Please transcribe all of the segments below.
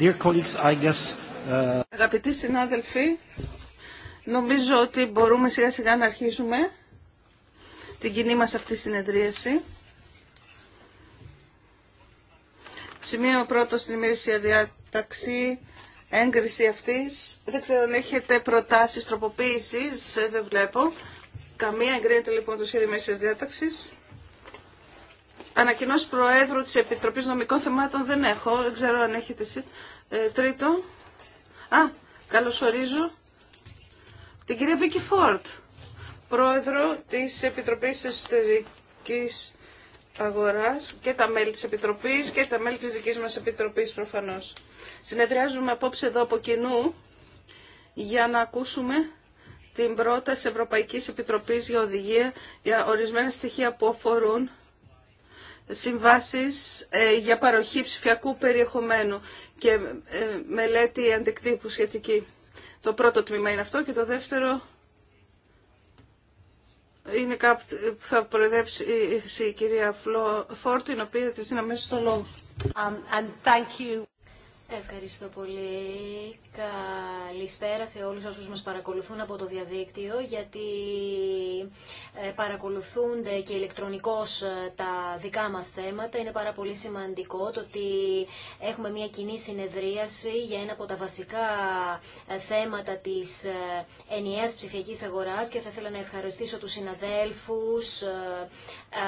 Uh, Αγαπητοί συνάδελφοι, νομίζω ότι μπορούμε σιγά σιγά να αρχίσουμε την κοινή μας αυτή συνεδρίαση. Σημείο πρώτο στην ημερήσια διάταξη, έγκριση αυτής. Δεν ξέρω αν έχετε προτάσεις τροποποίησης, δεν βλέπω. Καμία εγκρίνεται λοιπόν το σχέδιο ημερήσιας διάταξης. Ανακοινώσει Προέδρου της Επιτροπής Νομικών Θεμάτων δεν έχω, δεν ξέρω αν έχετε εσεί. Ε, τρίτο. Α, καλωσορίζω την κυρία Βίκη Φόρτ, Πρόεδρο της Επιτροπής Εσωτερική Αγοράς και τα μέλη της Επιτροπής και τα μέλη της δική μας Επιτροπής προφανώς. Συνεδριάζουμε απόψε εδώ από κοινού για να ακούσουμε την πρόταση Ευρωπαϊκής Επιτροπής για οδηγία για ορισμένα στοιχεία που αφορούν συμβάσεις ε, για παροχή ψηφιακού περιεχομένου και ε, μελέτη αντικτύπου σχετική. Το πρώτο τμήμα είναι αυτό και το δεύτερο είναι κάτι που θα προεδρεύσει η κυρία Φόρτ, η οποία της δίνω μέσα στο λόγο. Um, Ευχαριστώ πολύ. Καλησπέρα σε όλους όσους μας παρακολουθούν από το διαδίκτυο, γιατί ε, παρακολουθούνται και ηλεκτρονικώς ε, τα δικά μας θέματα. Είναι πάρα πολύ σημαντικό το ότι έχουμε μια κοινή συνεδρίαση για ένα από τα βασικά ε, θέματα της ενιαίας ψηφιακής αγοράς και θα ήθελα να ευχαριστήσω τους συναδέλφους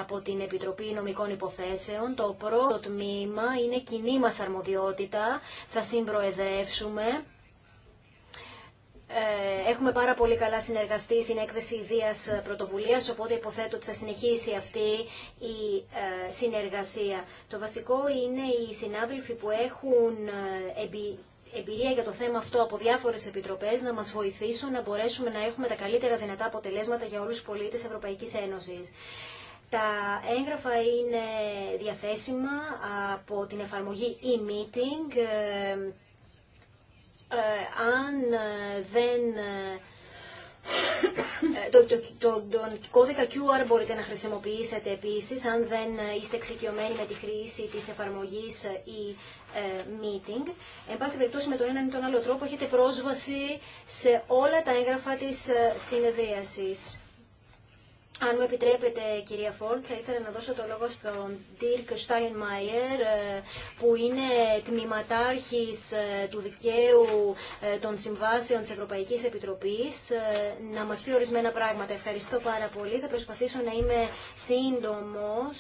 από την Επιτροπή Νομικών Υποθέσεων. Το πρώτο τμήμα είναι κοινή μας αρμοδιότητα. Θα συμπροεδρεύσουμε. Ε, έχουμε πάρα πολύ καλά συνεργαστεί στην έκθεση ιδίας πρωτοβουλίας, οπότε υποθέτω ότι θα συνεχίσει αυτή η ε, συνεργασία. Το βασικό είναι οι συνάδελφοι που έχουν ε, εμπειρία για το θέμα αυτό από διάφορες επιτροπές να μας βοηθήσουν να μπορέσουμε να έχουμε τα καλύτερα δυνατά αποτελέσματα για όλους τους πολίτες Ευρωπαϊκής Ένωσης. Τα έγγραφα είναι διαθέσιμα από την εφαρμογή e-meeting. Ε, ε, αν δεν... Ε, το, το, το, κώδικα QR μπορείτε να χρησιμοποιήσετε επίσης αν δεν είστε εξοικειωμένοι με τη χρήση της εφαρμογής ή meeting. Εν πάση περιπτώσει με τον έναν ή τον άλλο τρόπο έχετε πρόσβαση σε όλα τα έγγραφα της συνεδρίασης. Αν μου επιτρέπετε, κυρία Φόρντ, θα ήθελα να δώσω το λόγο στον Τιρκ Μάιερ, που είναι τμήματάρχης ε, του δικαίου ε, των συμβάσεων της Ευρωπαϊκής Επιτροπής, ε, να μας πει ορισμένα πράγματα. Ευχαριστώ πάρα πολύ. Θα προσπαθήσω να είμαι σύντομος.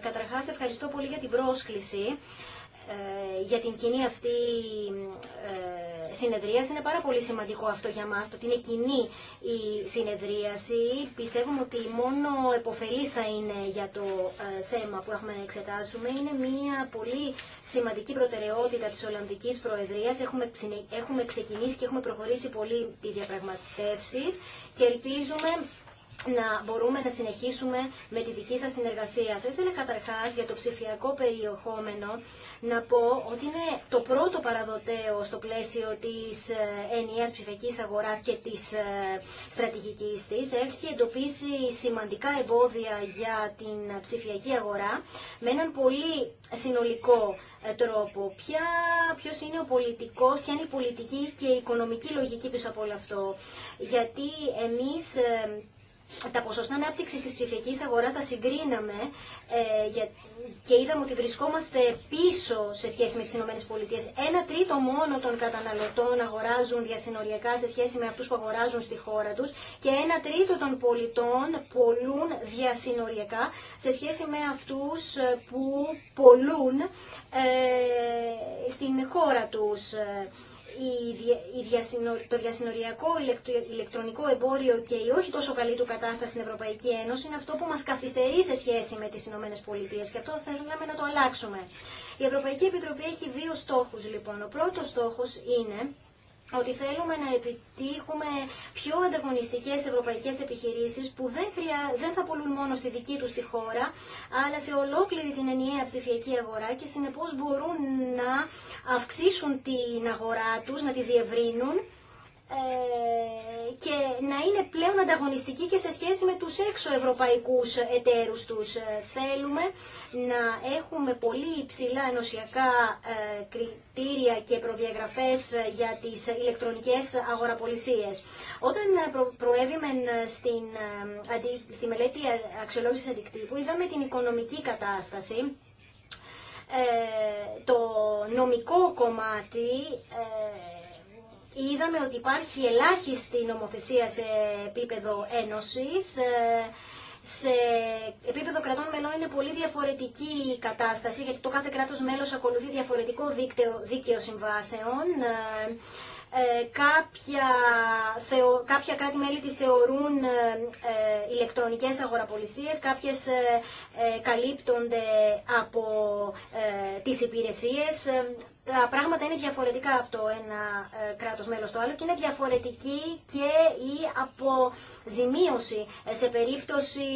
Καταρχάς, ευχαριστώ πολύ για την πρόσκληση. Ε, για την κοινή αυτή ε, συνεδρίαση. Είναι πάρα πολύ σημαντικό αυτό για μας, το ότι είναι κοινή η συνεδρίαση. Πιστεύουμε ότι μόνο εποφελής θα είναι για το ε, θέμα που έχουμε να εξετάσουμε. Είναι μια πολύ σημαντική προτεραιότητα της Ολλανδικής Προεδρίας. Έχουμε, έχουμε ξεκινήσει και έχουμε προχωρήσει πολύ τις διαπραγματεύσεις και ελπίζουμε να μπορούμε να συνεχίσουμε με τη δική σας συνεργασία. Θα ήθελα καταρχάς για το ψηφιακό περιεχόμενο να πω ότι είναι το πρώτο παραδοτέο στο πλαίσιο της ε, ενιαίας ψηφιακής αγοράς και της ε, στρατηγικής της. Έχει εντοπίσει σημαντικά εμπόδια για την ψηφιακή αγορά με έναν πολύ συνολικό ε, τρόπο. Ποια, ποιος είναι ο πολιτικός, ποια είναι η πολιτική και η οικονομική λογική πίσω από όλο αυτό. Γιατί εμείς τα ποσοστά ανάπτυξη τη ψηφιακή αγορά τα συγκρίναμε ε, και είδαμε ότι βρισκόμαστε πίσω σε σχέση με τις ΗΠΑ. Ένα τρίτο μόνο των καταναλωτών αγοράζουν διασυνοριακά σε σχέση με αυτούς που αγοράζουν στη χώρα τους και ένα τρίτο των πολιτών πολλούν διασυνοριακά σε σχέση με αυτούς ε, που πολλούν ε, στην χώρα τους το διασυνοριακό ηλεκτρονικό εμπόριο και η όχι τόσο καλή του κατάσταση στην Ευρωπαϊκή Ένωση είναι αυτό που μας καθυστερεί σε σχέση με τις Ηνωμένες Πολιτείες και αυτό θα θέλαμε να το αλλάξουμε. Η Ευρωπαϊκή Επιτροπή έχει δύο στόχους λοιπόν. Ο πρώτος στόχος είναι ότι θέλουμε να επιτύχουμε πιο ανταγωνιστικές ευρωπαϊκές επιχειρήσεις που δεν, δεν θα πουλούν μόνο στη δική τους τη χώρα, αλλά σε ολόκληρη την ενιαία ψηφιακή αγορά και συνεπώς μπορούν να αυξήσουν την αγορά τους, να τη διευρύνουν ε, και να είναι πλέον ανταγωνιστική και σε σχέση με τους έξω ευρωπαϊκούς εταίρους τους. Ε, θέλουμε να έχουμε πολύ υψηλά ενωσιακά ε, κριτήρια και προδιαγραφές για τις ηλεκτρονικές αγοραπολισίες. Όταν προέβημε στην, στη μελέτη αξιολόγησης αντικτύπου, είδαμε την οικονομική κατάσταση το νομικό κομμάτι είδαμε ότι υπάρχει ελάχιστη νομοθεσία σε επίπεδο ένωσης, ε, σε επίπεδο κρατών μελών είναι πολύ διαφορετική η κατάσταση, γιατί το κάθε κράτος μέλος ακολουθεί διαφορετικό δίκτυο, δίκαιο συμβάσεων. Ε, ε, κάποια, θεο κάποια κράτη-μέλη τις θεωρούν ε, ε ηλεκτρονικές αγοραπολισίες, κάποιες ε, καλύπτονται από τις υπηρεσίες. Τα πράγματα είναι διαφορετικά από το ένα κράτος μέλος το άλλο και είναι διαφορετική και η αποζημίωση σε περίπτωση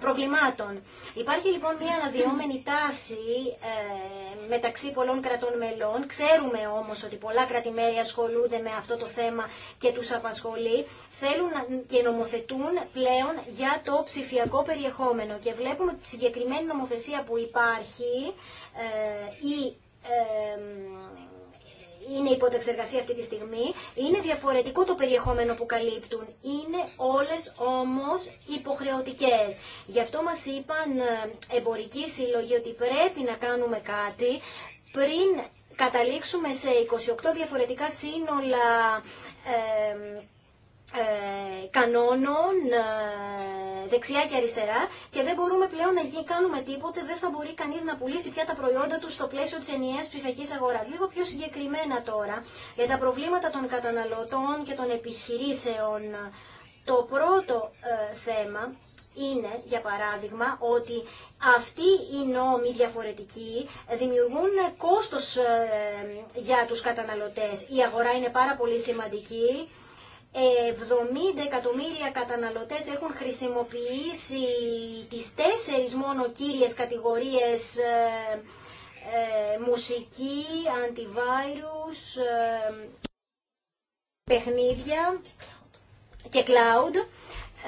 προβλημάτων. Υπάρχει λοιπόν μια αναδυόμενη τάση ε, μεταξύ πολλών κρατών μελών. Ξέρουμε όμως ότι πολλά κρατημέρια ασχολούνται με αυτό το θέμα και τους απασχολεί. Θέλουν και νομοθετούν πλέον για το ψηφιακό περιεχόμενο. Και βλέπουμε τη συγκεκριμένη νομοθεσία που υπάρχει ε, η, ε, είναι υπότεξεργασία αυτή τη στιγμή. Είναι διαφορετικό το περιεχόμενο που καλύπτουν. Είναι όλες όμως υποχρεωτικές. Γι' αυτό μας είπαν ε, εμπορικοί σύλλογοι ότι πρέπει να κάνουμε κάτι πριν καταλήξουμε σε 28 διαφορετικά σύνολα ε, ε, κανόνων ε, δεξιά και αριστερά και δεν μπορούμε πλέον να γίνει, κάνουμε τίποτε, δεν θα μπορεί κανείς να πουλήσει πια τα προϊόντα του στο πλαίσιο της ενιαίας ψηφιακής αγοράς. Λίγο πιο συγκεκριμένα τώρα για τα προβλήματα των καταναλωτών και των επιχειρήσεων. Το πρώτο ε, θέμα είναι, για παράδειγμα, ότι αυτοί οι νόμοι διαφορετικοί δημιουργούν κόστος για τους καταναλωτές. Η αγορά είναι πάρα πολύ σημαντική 70 εκατομμύρια καταναλωτές έχουν χρησιμοποιήσει τις τέσσερις μόνο κύριες κατηγορίες ε, ε μουσική, αντιβάιρους, ε, παιχνίδια και cloud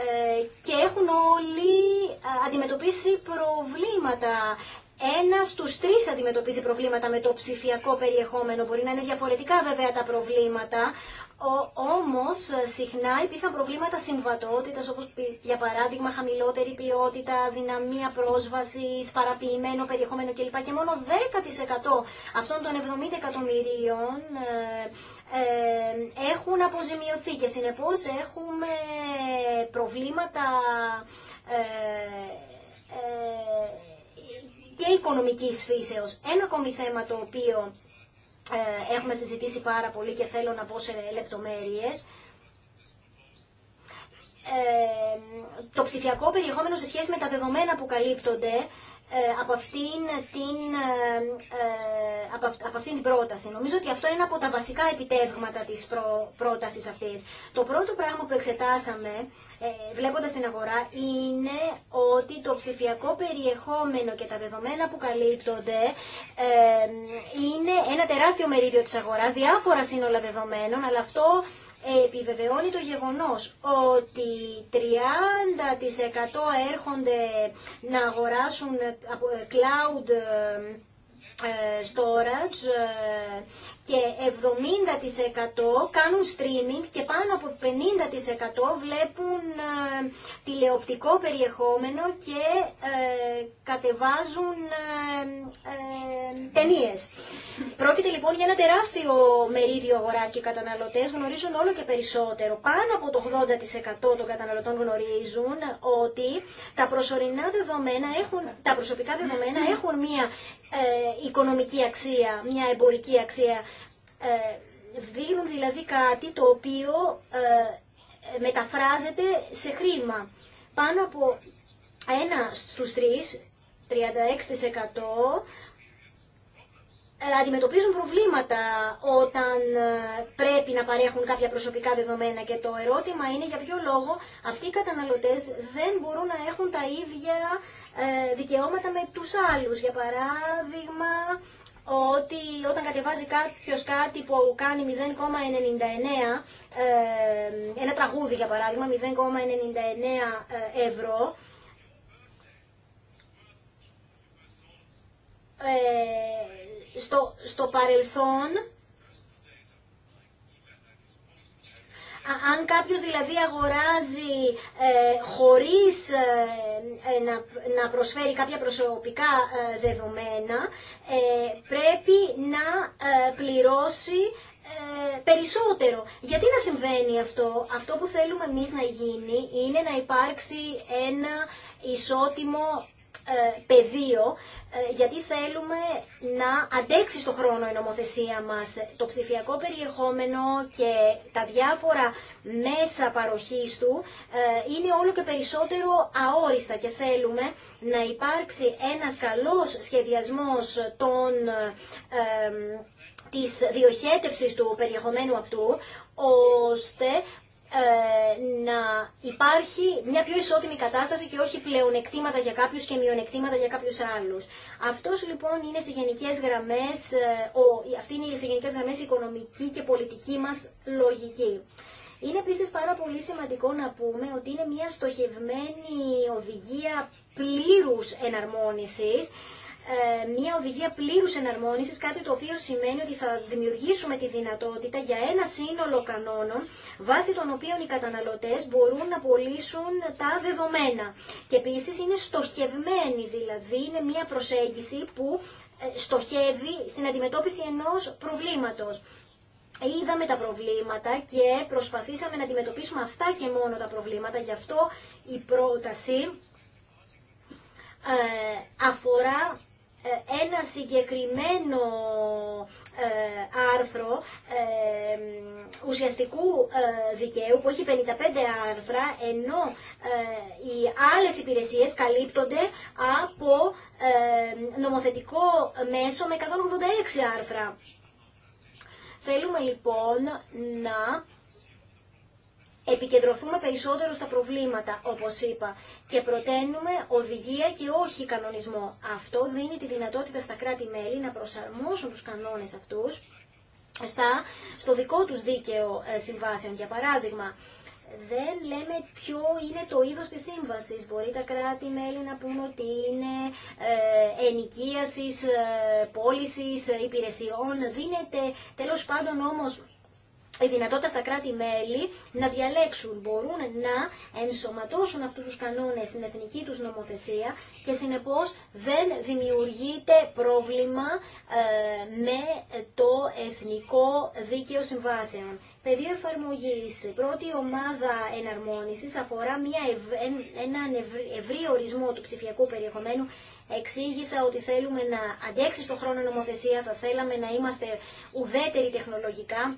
ε, και έχουν όλοι ε, αντιμετωπίσει προβλήματα. Ένα στου τρει αντιμετωπίζει προβλήματα με το ψηφιακό περιεχόμενο. Μπορεί να είναι διαφορετικά βέβαια τα προβλήματα, όμως ε, συχνά υπήρχαν προβλήματα συμβατότητας, όπως για παράδειγμα χαμηλότερη ποιότητα, δυναμία πρόσβασης, παραποιημένο περιεχόμενο κλπ. Και μόνο 10% αυτών των 70 εκατομμυρίων ε, ε, έχουν αποζημιωθεί και συνεπώς έχουμε προβλήματα και οικονομικής φύσεως. Ένα ακόμη θέμα το οποίο ε, έχουμε συζητήσει πάρα πολύ και θέλω να πω σε λεπτομέρειες. Ε, το ψηφιακό περιεχόμενο σε σχέση με τα δεδομένα που καλύπτονται ε, από αυτήν την, ε, ε, από αυτήν την πρόταση. Νομίζω ότι αυτό είναι από τα βασικά επιτεύγματα της πρότασης αυτής. Το πρώτο πράγμα που εξετάσαμε βλέποντας την αγορά είναι ότι το ψηφιακό περιεχόμενο και τα δεδομένα που καλύπτονται είναι ένα τεράστιο μερίδιο της αγοράς, διάφορα σύνολα δεδομένων, αλλά αυτό επιβεβαιώνει το γεγονός ότι 30% έρχονται να αγοράσουν ε, ε, cloud ε, storage ε, ε, και 70% κάνουν streaming και πάνω από 50% βλέπουν ε, τηλεοπτικό περιεχόμενο και κατεβάζουν ταινίες. Πρόκειται λοιπόν για ένα τεράστιο μερίδιο αγοράς και καταναλωτές γνωρίζουν όλο και περισσότερο. Πάνω από το 80% των καταναλωτών γνωρίζουν ότι τα προσωρινά δεδομένα έχουν, τα προσωπικά δεδομένα έχουν μία οικονομική αξία, μια εμπορική αξία. Ε, δίνουν δηλαδή κάτι το οποίο ε, μεταφράζεται σε χρήμα. Πάνω από ένα στους τρεις, 36%, ε, αντιμετωπίζουν προβλήματα όταν πρέπει να παρέχουν κάποια προσωπικά δεδομένα και το ερώτημα είναι για ποιο λόγο αυτοί οι καταναλωτές δεν μπορούν να έχουν τα ίδια ε, δικαιώματα με τους άλλους. Για παράδειγμα, ότι όταν κατεβάζει κάποιο κάτι που κάνει 0,99, ε, ένα τραγούδι για παράδειγμα, 0,99 ε, ευρώ, στο, στο παρελθόν αν κάποιο δηλαδή αγοράζει ε, χωρίς ε, ε, να, προσφέρει κάποια προσωπικά ε, δεδομένα, πρέπει να πληρώσει περισσότερο. Γιατί να συμβαίνει αυτό. Αυτό που θέλουμε εμεί να γίνει είναι να υπάρξει ένα ισότιμο ε, πεδίο ε, γιατί θέλουμε να αντέξει στο χρόνο η νομοθεσία μας το ψηφιακό περιεχόμενο και τα διάφορα μέσα παροχής του ε, είναι όλο και περισσότερο αόριστα και θέλουμε να υπάρξει ένας καλός σχεδιασμός των της διοχέτευσης του περιεχομένου αυτού, ώστε ε, να υπάρχει μια πιο ισότιμη κατάσταση και όχι πλεονεκτήματα για κάποιους και μειονεκτήματα για κάποιους άλλους. Αυτός λοιπόν είναι σε γενικές γραμμές, ε, ο, αυτή είναι σε γενικές γραμμές η οικονομική και πολιτική μας λογική. Είναι επίση πάρα πολύ σημαντικό να πούμε ότι είναι μια στοχευμένη οδηγία πλήρους εναρμόνισης ε, μια οδηγία πλήρους εναρμόνισης, κάτι το οποίο σημαίνει ότι θα δημιουργήσουμε τη δυνατότητα για ένα σύνολο κανόνων, βάσει των οποίων οι καταναλωτές μπορούν να πωλήσουν τα δεδομένα. Και επίσης είναι στοχευμένη, δηλαδή είναι μια προσέγγιση που ε, στοχεύει στην αντιμετώπιση ενός προβλήματος. Είδαμε τα προβλήματα και προσπαθήσαμε να αντιμετωπίσουμε αυτά και μόνο τα προβλήματα. Γι' αυτό η πρόταση ε, αφορά ε, ένα συγκεκριμένο ε, άρθρο ουσιαστικού ε, δικαίου που έχει 55 άρθρα ενώ οι άλλες υπηρεσίες καλύπτονται από νομοθετικό μέσο με 186 άρθρα. Θέλουμε λοιπόν να επικεντρωθούμε περισσότερο στα προβλήματα, όπως είπα, και προτείνουμε οδηγία και όχι κανονισμό. Αυτό δίνει τη δυνατότητα στα κράτη-μέλη να προσαρμόσουν τους κανόνες αυτούς στα, στο δικό τους δίκαιο ε, συμβάσεων. Για παράδειγμα, δεν λέμε ποιο είναι το είδος της σύμβασης. Μπορεί τα κράτη-μέλη να πούν ότι είναι ε, ενοικίασης, ε, ε, υπηρεσιών. Δίνεται τέλος πάντων όμως η δυνατότητα στα κράτη-μέλη να διαλέξουν. Μπορούν να ενσωματώσουν αυτούς τους κανόνες στην εθνική τους νομοθεσία και συνεπώς δεν δημιουργείται πρόβλημα ε, με το εθνικό δίκαιο συμβάσεων. Πεδίο εφαρμογής. Πρώτη ομάδα εναρμόνισης αφορά μια ευ... έναν ευρύ ορισμό του ψηφιακού περιεχομένου Εξήγησα ότι θέλουμε να αντέξει στον χρόνο νομοθεσία, θα θέλαμε να είμαστε ουδέτεροι τεχνολογικά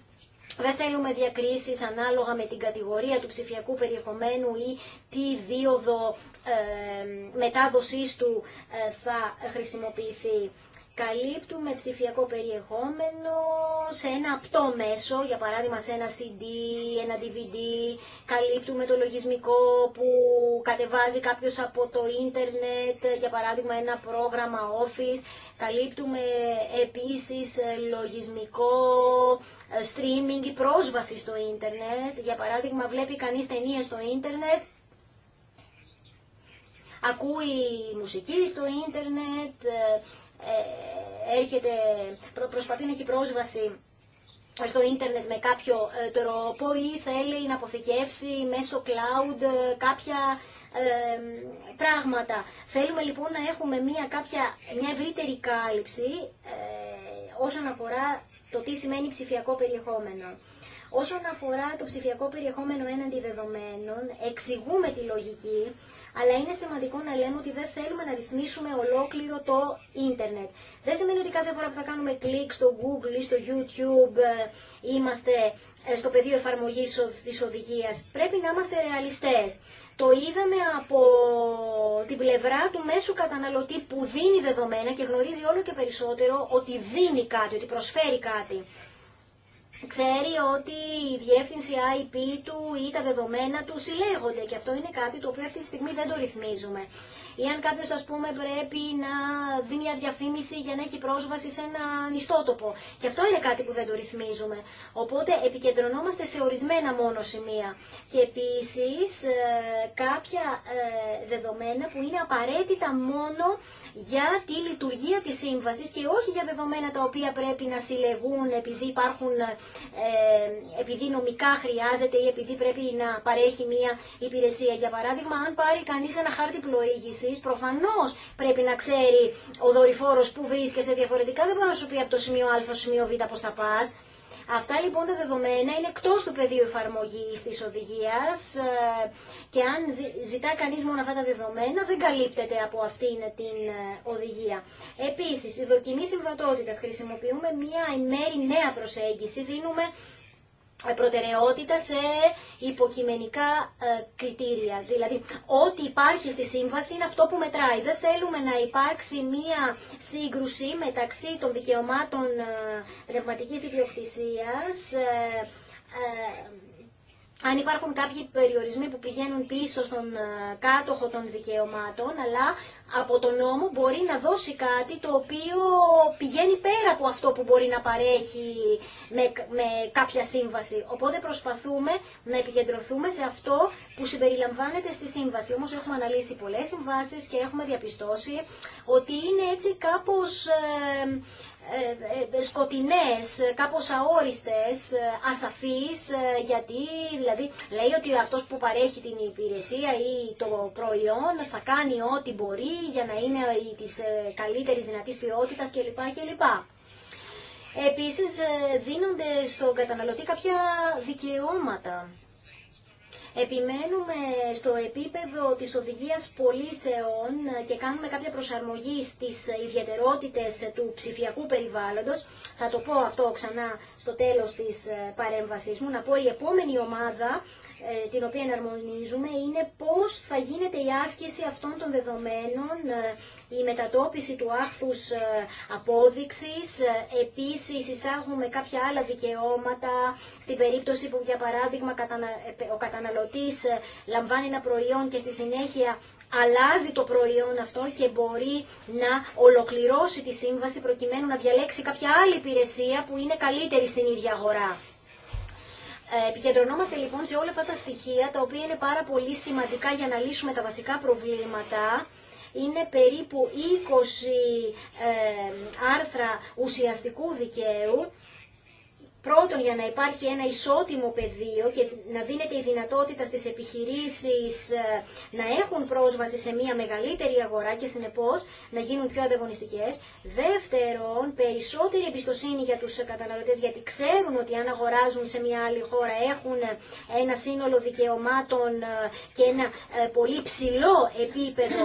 δεν θέλουμε διακρίσεις ανάλογα με την κατηγορία του ψηφιακού περιεχομένου ή τι δίωδο ε, μετάδοσής του ε, θα χρησιμοποιηθεί. Καλύπτουμε ψηφιακό περιεχόμενο σε ένα απτό μέσο, για παράδειγμα σε ένα CD, ένα DVD. Καλύπτουμε το λογισμικό που κατεβάζει κάποιος από το ίντερνετ, για παράδειγμα ένα πρόγραμμα Office. Καλύπτουμε επίσης ε, λογισμικό ε, streaming ή πρόσβαση στο ίντερνετ. Για παράδειγμα βλέπει κανείς ταινίες στο ίντερνετ ακούει μουσική στο ίντερνετ, ε, έρχεται, προσπαθεί να έχει πρόσβαση στο ίντερνετ με κάποιο ε, τρόπο ή θέλει να αποθηκεύσει μέσω cloud ε, κάποια ε, πράγματα. Θέλουμε λοιπόν να έχουμε μια, κάποια, μια ευρύτερη κάλυψη ε, όσον αφορά το τι σημαίνει ψηφιακό περιεχόμενο. Όσον αφορά το ψηφιακό περιεχόμενο έναντι δεδομένων, εξηγούμε τη λογική, αλλά είναι σημαντικό να λέμε ότι δεν θέλουμε να ρυθμίσουμε ολόκληρο το ίντερνετ. Δεν σημαίνει ότι κάθε φορά που θα κάνουμε κλικ στο Google ή στο YouTube ε, είμαστε ε, στο πεδίο εφαρμογή τη οδηγία. Πρέπει να είμαστε ρεαλιστέ. Το είδαμε από την πλευρά του μέσου καταναλωτή που δίνει δεδομένα και γνωρίζει όλο και περισσότερο ότι δίνει κάτι, ότι προσφέρει κάτι ξέρει ότι η διεύθυνση IP του ή τα δεδομένα του συλλέγονται και αυτό είναι κάτι το οποίο αυτή τη στιγμή δεν το ρυθμίζουμε αν κάποιος ας πούμε πρέπει να δει μια διαφήμιση για να έχει πρόσβαση σε ένα ιστότοπο. Και αυτό είναι κάτι που δεν το ρυθμίζουμε. Οπότε επικεντρωνόμαστε σε ορισμένα μόνο σημεία. Και επίσης ε, κάποια ε, δεδομένα που είναι απαραίτητα μόνο για τη λειτουργία της σύμβασης και όχι για δεδομένα τα οποία πρέπει να συλλεγούν επειδή υπάρχουν, ε, επειδή νομικά χρειάζεται ή επειδή πρέπει να παρέχει μια υπηρεσία. Για παράδειγμα, αν πάρει κανείς ένα χάρτη πλοήγηση, Προφανώ προφανώς πρέπει να ξέρει ο δορυφόρο που βρίσκεσαι διαφορετικά δεν μπορεί να σου πει από το σημείο α στο σημείο β πώς θα πας. Αυτά λοιπόν τα δεδομένα είναι εκτό του πεδίου εφαρμογή τη οδηγία ε, και αν ζητά κανεί μόνο αυτά τα δεδομένα δεν καλύπτεται από αυτήν την ε, οδηγία. Επίση, η δοκιμή συμβατότητα. Χρησιμοποιούμε μία εν μέρη νέα προσέγγιση. Δίνουμε προτεραιότητα σε υποκειμενικά ε, κριτήρια. Δηλαδή, ό,τι υπάρχει στη σύμβαση είναι αυτό που μετράει. Δεν θέλουμε να υπάρξει μία σύγκρουση μεταξύ των δικαιωμάτων ε, πνευματικής ιδιοκτησίας ε, αν υπάρχουν κάποιοι περιορισμοί που πηγαίνουν πίσω στον ε, κάτοχο των δικαιωμάτων, αλλά από τον νόμο μπορεί να δώσει κάτι το οποίο πηγαίνει πέρα από αυτό που μπορεί να παρέχει με, με κάποια σύμβαση. Οπότε προσπαθούμε να επικεντρωθούμε σε αυτό που συμπεριλαμβάνεται στη σύμβαση. Όμως έχουμε αναλύσει πολλές συμβάσεις και έχουμε διαπιστώσει ότι είναι έτσι κάπως... Ε, ε, ε, σκοτεινές, κάπως αόριστες, ε, ασαφείς, γιατί δηλαδή λέει ότι αυτός που παρέχει την υπηρεσία ή το προϊόν θα κάνει ό,τι μπορεί για να είναι της καλύτερης δυνατής ποιότητας κλπ. κλπ. Επίσης δίνονται στον καταναλωτή κάποια δικαιώματα. Επιμένουμε στο επίπεδο της οδηγίας πολίσεων και κάνουμε κάποια προσαρμογή στις ιδιαιτερότητες του ψηφιακού περιβάλλοντος. Θα το πω αυτό ξανά στο τέλος της παρέμβασής μου. Να πω η επόμενη ομάδα ε, την οποία εναρμονίζουμε είναι πώς θα γίνεται η άσκηση αυτών των δεδομένων, ε, η μετατόπιση του άχθους ε, απόδειξης. Επίσης εισάγουμε κάποια άλλα δικαιώματα στην περίπτωση που για παράδειγμα ο καταναλωτής λαμβάνει ένα προϊόν και στη συνέχεια αλλάζει το προϊόν αυτό και μπορεί να ολοκληρώσει τη σύμβαση προκειμένου να διαλέξει κάποια άλλη υπηρεσία που είναι καλύτερη στην ίδια αγορά. Ε, επικεντρωνόμαστε λοιπόν σε όλα αυτά τα στοιχεία τα οποία είναι πάρα πολύ σημαντικά για να λύσουμε τα βασικά προβλήματα. Είναι περίπου 20 ε, άρθρα ουσιαστικού δικαίου Πρώτον, για να υπάρχει ένα ισότιμο πεδίο και να δίνεται η δυνατότητα στις επιχειρήσεις ε, να έχουν πρόσβαση σε μια μεγαλύτερη αγορά και συνεπώς να γίνουν πιο ανταγωνιστικές. Δεύτερον, περισσότερη εμπιστοσύνη για τους καταναλωτές γιατί ξέρουν ότι αν αγοράζουν σε μια άλλη χώρα έχουν ένα σύνολο δικαιωμάτων ε, και ένα ε, πολύ ψηλό επίπεδο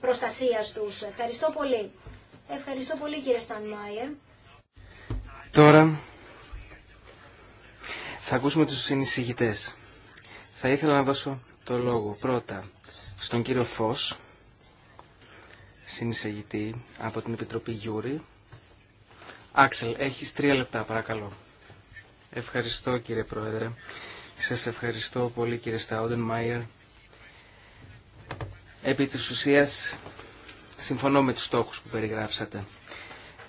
προστασίας τους. Ευχαριστώ πολύ. Ευχαριστώ πολύ κύριε Στανμάιερ. Τώρα θα ακούσουμε τους συνεισηγητές. Θα ήθελα να δώσω το λόγο πρώτα στον κύριο Φως, συνεισηγητή από την Επιτροπή Γιούρη. Άξελ, έχεις τρία λεπτά παρακαλώ. Ευχαριστώ κύριε Πρόεδρε. Σας ευχαριστώ πολύ κύριε Σταόντεν Μάιερ. Επί της ουσίας συμφωνώ με τους στόχους που περιγράψατε.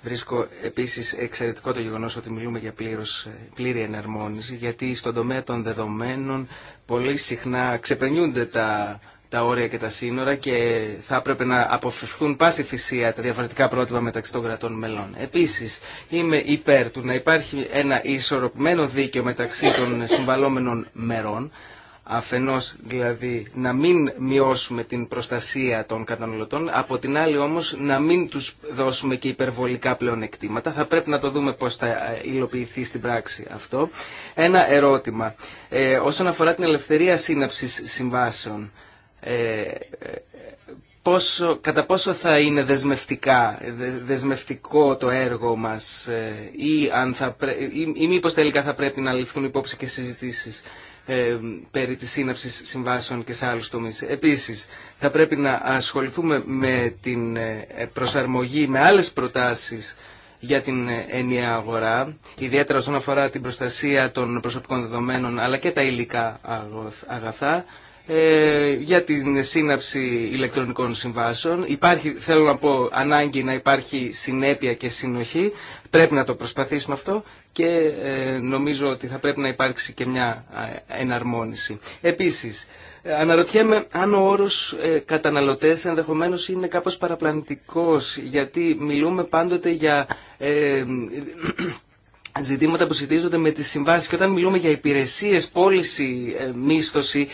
Βρίσκω επίσης εξαιρετικό το γεγονό ότι μιλούμε για πλήρως, πλήρη ενερμόνιση γιατί στον τομέα των δεδομένων πολύ συχνά ξεπερνιούνται τα, τα όρια και τα σύνορα και θα έπρεπε να αποφευχθούν πάση θυσία τα διαφορετικά πρότυπα μεταξύ των κρατών μελών. Επίσης, είμαι υπέρ του να υπάρχει ένα ισορροπημένο δίκαιο μεταξύ των συμβαλόμενων μερών, αφενός δηλαδή να μην μειώσουμε την προστασία των καταναλωτών, από την άλλη όμως να μην τους δώσουμε και υπερβολικά πλεονεκτήματα. Θα πρέπει να το δούμε πώς θα υλοποιηθεί στην πράξη αυτό. Ένα ερώτημα. Ε, όσον αφορά την ελευθερία σύναψης συμβάσεων, ε, πόσο, κατά πόσο θα είναι δεσμευτικά, δεσμευτικό το έργο μας ε, ή, αν θα πρέ, ή, ή μήπως τελικά θα πρέπει να ληφθούν υπόψη και συζητήσεις ε, περί της σύναψης συμβάσεων και σε άλλους τομείς. Επίσης, θα πρέπει να ασχοληθούμε με την ε, προσαρμογή, με άλλες προτάσεις για την ενιαία αγορά, ιδιαίτερα όσον αφορά την προστασία των προσωπικών δεδομένων αλλά και τα υλικά αγαθά. Ε, για την σύναψη ηλεκτρονικών συμβάσεων. Υπάρχει, θέλω να πω, ανάγκη να υπάρχει συνέπεια και συνοχή. Πρέπει να το προσπαθήσουμε αυτό και ε, νομίζω ότι θα πρέπει να υπάρξει και μια ε, εναρμόνιση. Επίσης, Αναρωτιέμαι αν ο όρος καταναλωτές ενδεχομένως είναι κάπως παραπλανητικός γιατί μιλούμε πάντοτε για ζητήματα που συζητίζονται με τις συμβάσεις και όταν μιλούμε για υπηρεσίες, πώληση, μίσθωση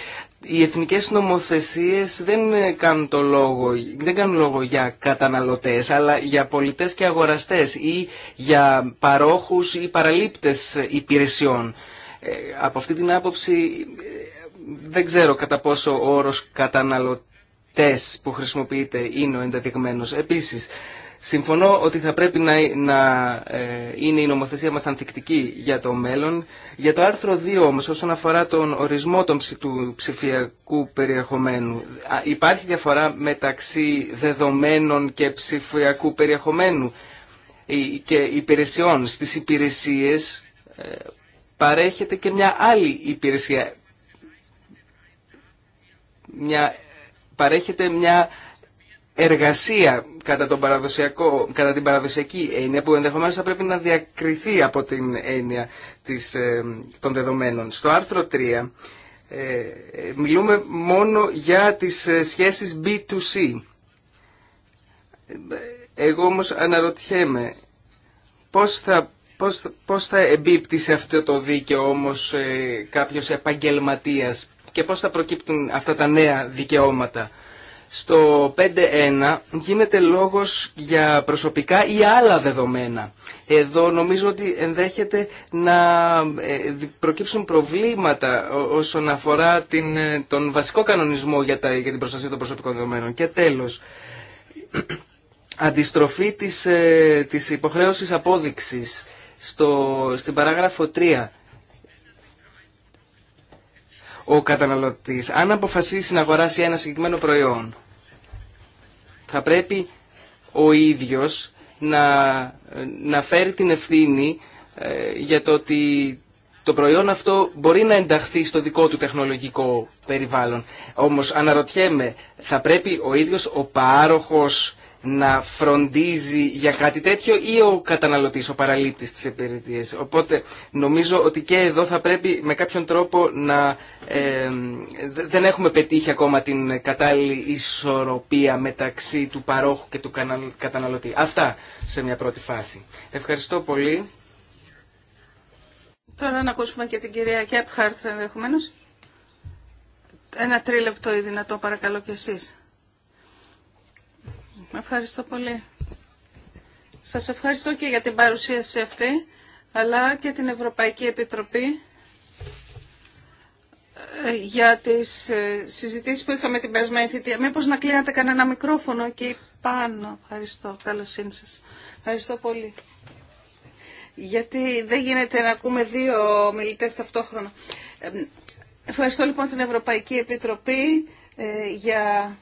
οι εθνικές νομοθεσίες δεν κάνουν, το λόγο, δεν κάνουν λόγο για καταναλωτές, αλλά για πολιτές και αγοραστές ή για παρόχους ή παραλήπτες υπηρεσιών. Ε, από αυτή την άποψη ε, δεν ξέρω κατά πόσο ο όρος καταναλωτές που χρησιμοποιείται είναι ο Επίσης, Συμφωνώ ότι θα πρέπει να, να ε, είναι η νομοθεσία μας ανθεκτική για το μέλλον. Για το άρθρο 2 όμως όσον αφορά τον ορισμό των, του ψηφιακού περιεχομένου υπάρχει διαφορά μεταξύ δεδομένων και ψηφιακού περιεχομένου και υπηρεσιών. Στις υπηρεσίες ε, παρέχεται και μια άλλη υπηρεσία. Μια, παρέχεται μια εργασία κατά, τον παραδοσιακό, κατά την παραδοσιακή έννοια που ενδεχομένως θα πρέπει να διακριθεί από την έννοια της, ε, των δεδομένων. Στο άρθρο 3 ε, μιλούμε μόνο για τις ε, σχέσεις B2C. Εγώ όμως αναρωτιέμαι πώς θα, πώς, πώς θα εμπίπτει σε αυτό το δίκαιο όμως κάποιος επαγγελματίας και πώς θα προκύπτουν αυτά τα νέα δικαιώματα στο 5.1 γίνεται λόγος για προσωπικά ή άλλα δεδομένα. Εδώ νομίζω ότι ενδέχεται να ε, προκύψουν προβλήματα όσον αφορά την, ε, τον βασικό κανονισμό για, τα, για την προστασία των προσωπικών δεδομένων. Και τέλος, αντιστροφή της, ε, της υποχρέωσης απόδειξης στο, στην παράγραφο 3 ο καταναλωτής. Αν αποφασίσει να αγοράσει ένα συγκεκριμένο προϊόν, θα πρέπει ο ίδιος να, να φέρει την ευθύνη ε, για το ότι το προϊόν αυτό μπορεί να ενταχθεί στο δικό του τεχνολογικό περιβάλλον. Όμως αναρωτιέμαι, θα πρέπει ο ίδιος ο πάροχος να φροντίζει για κάτι τέτοιο ή ο καταναλωτής, ο παραλήπτης της υπηρεσίας. Οπότε νομίζω ότι και εδώ θα πρέπει με κάποιον τρόπο να... δεν έχουμε πετύχει ακόμα την κατάλληλη ισορροπία μεταξύ του παρόχου και του καταναλωτή. Αυτά σε μια πρώτη φάση. Ευχαριστώ πολύ. Τώρα να ακούσουμε και την κυρία Κέπχαρτ ενδεχομένω. Ένα τρίλεπτο ή δυνατό παρακαλώ κι εσείς. Ευχαριστώ πολύ. Σας ευχαριστώ και για την παρουσίαση αυτή, αλλά και την Ευρωπαϊκή Επιτροπή ε, για τις ε, συζητήσεις που είχαμε την περασμένη θητεία. Μήπως να κλείνατε κανένα μικρόφωνο εκεί πάνω. Ευχαριστώ. Καλώς είναι σας. Ευχαριστώ πολύ. Γιατί δεν γίνεται να ακούμε δύο μιλητές ταυτόχρονα. Ε, ευχαριστώ λοιπόν την Ευρωπαϊκή Επιτροπή για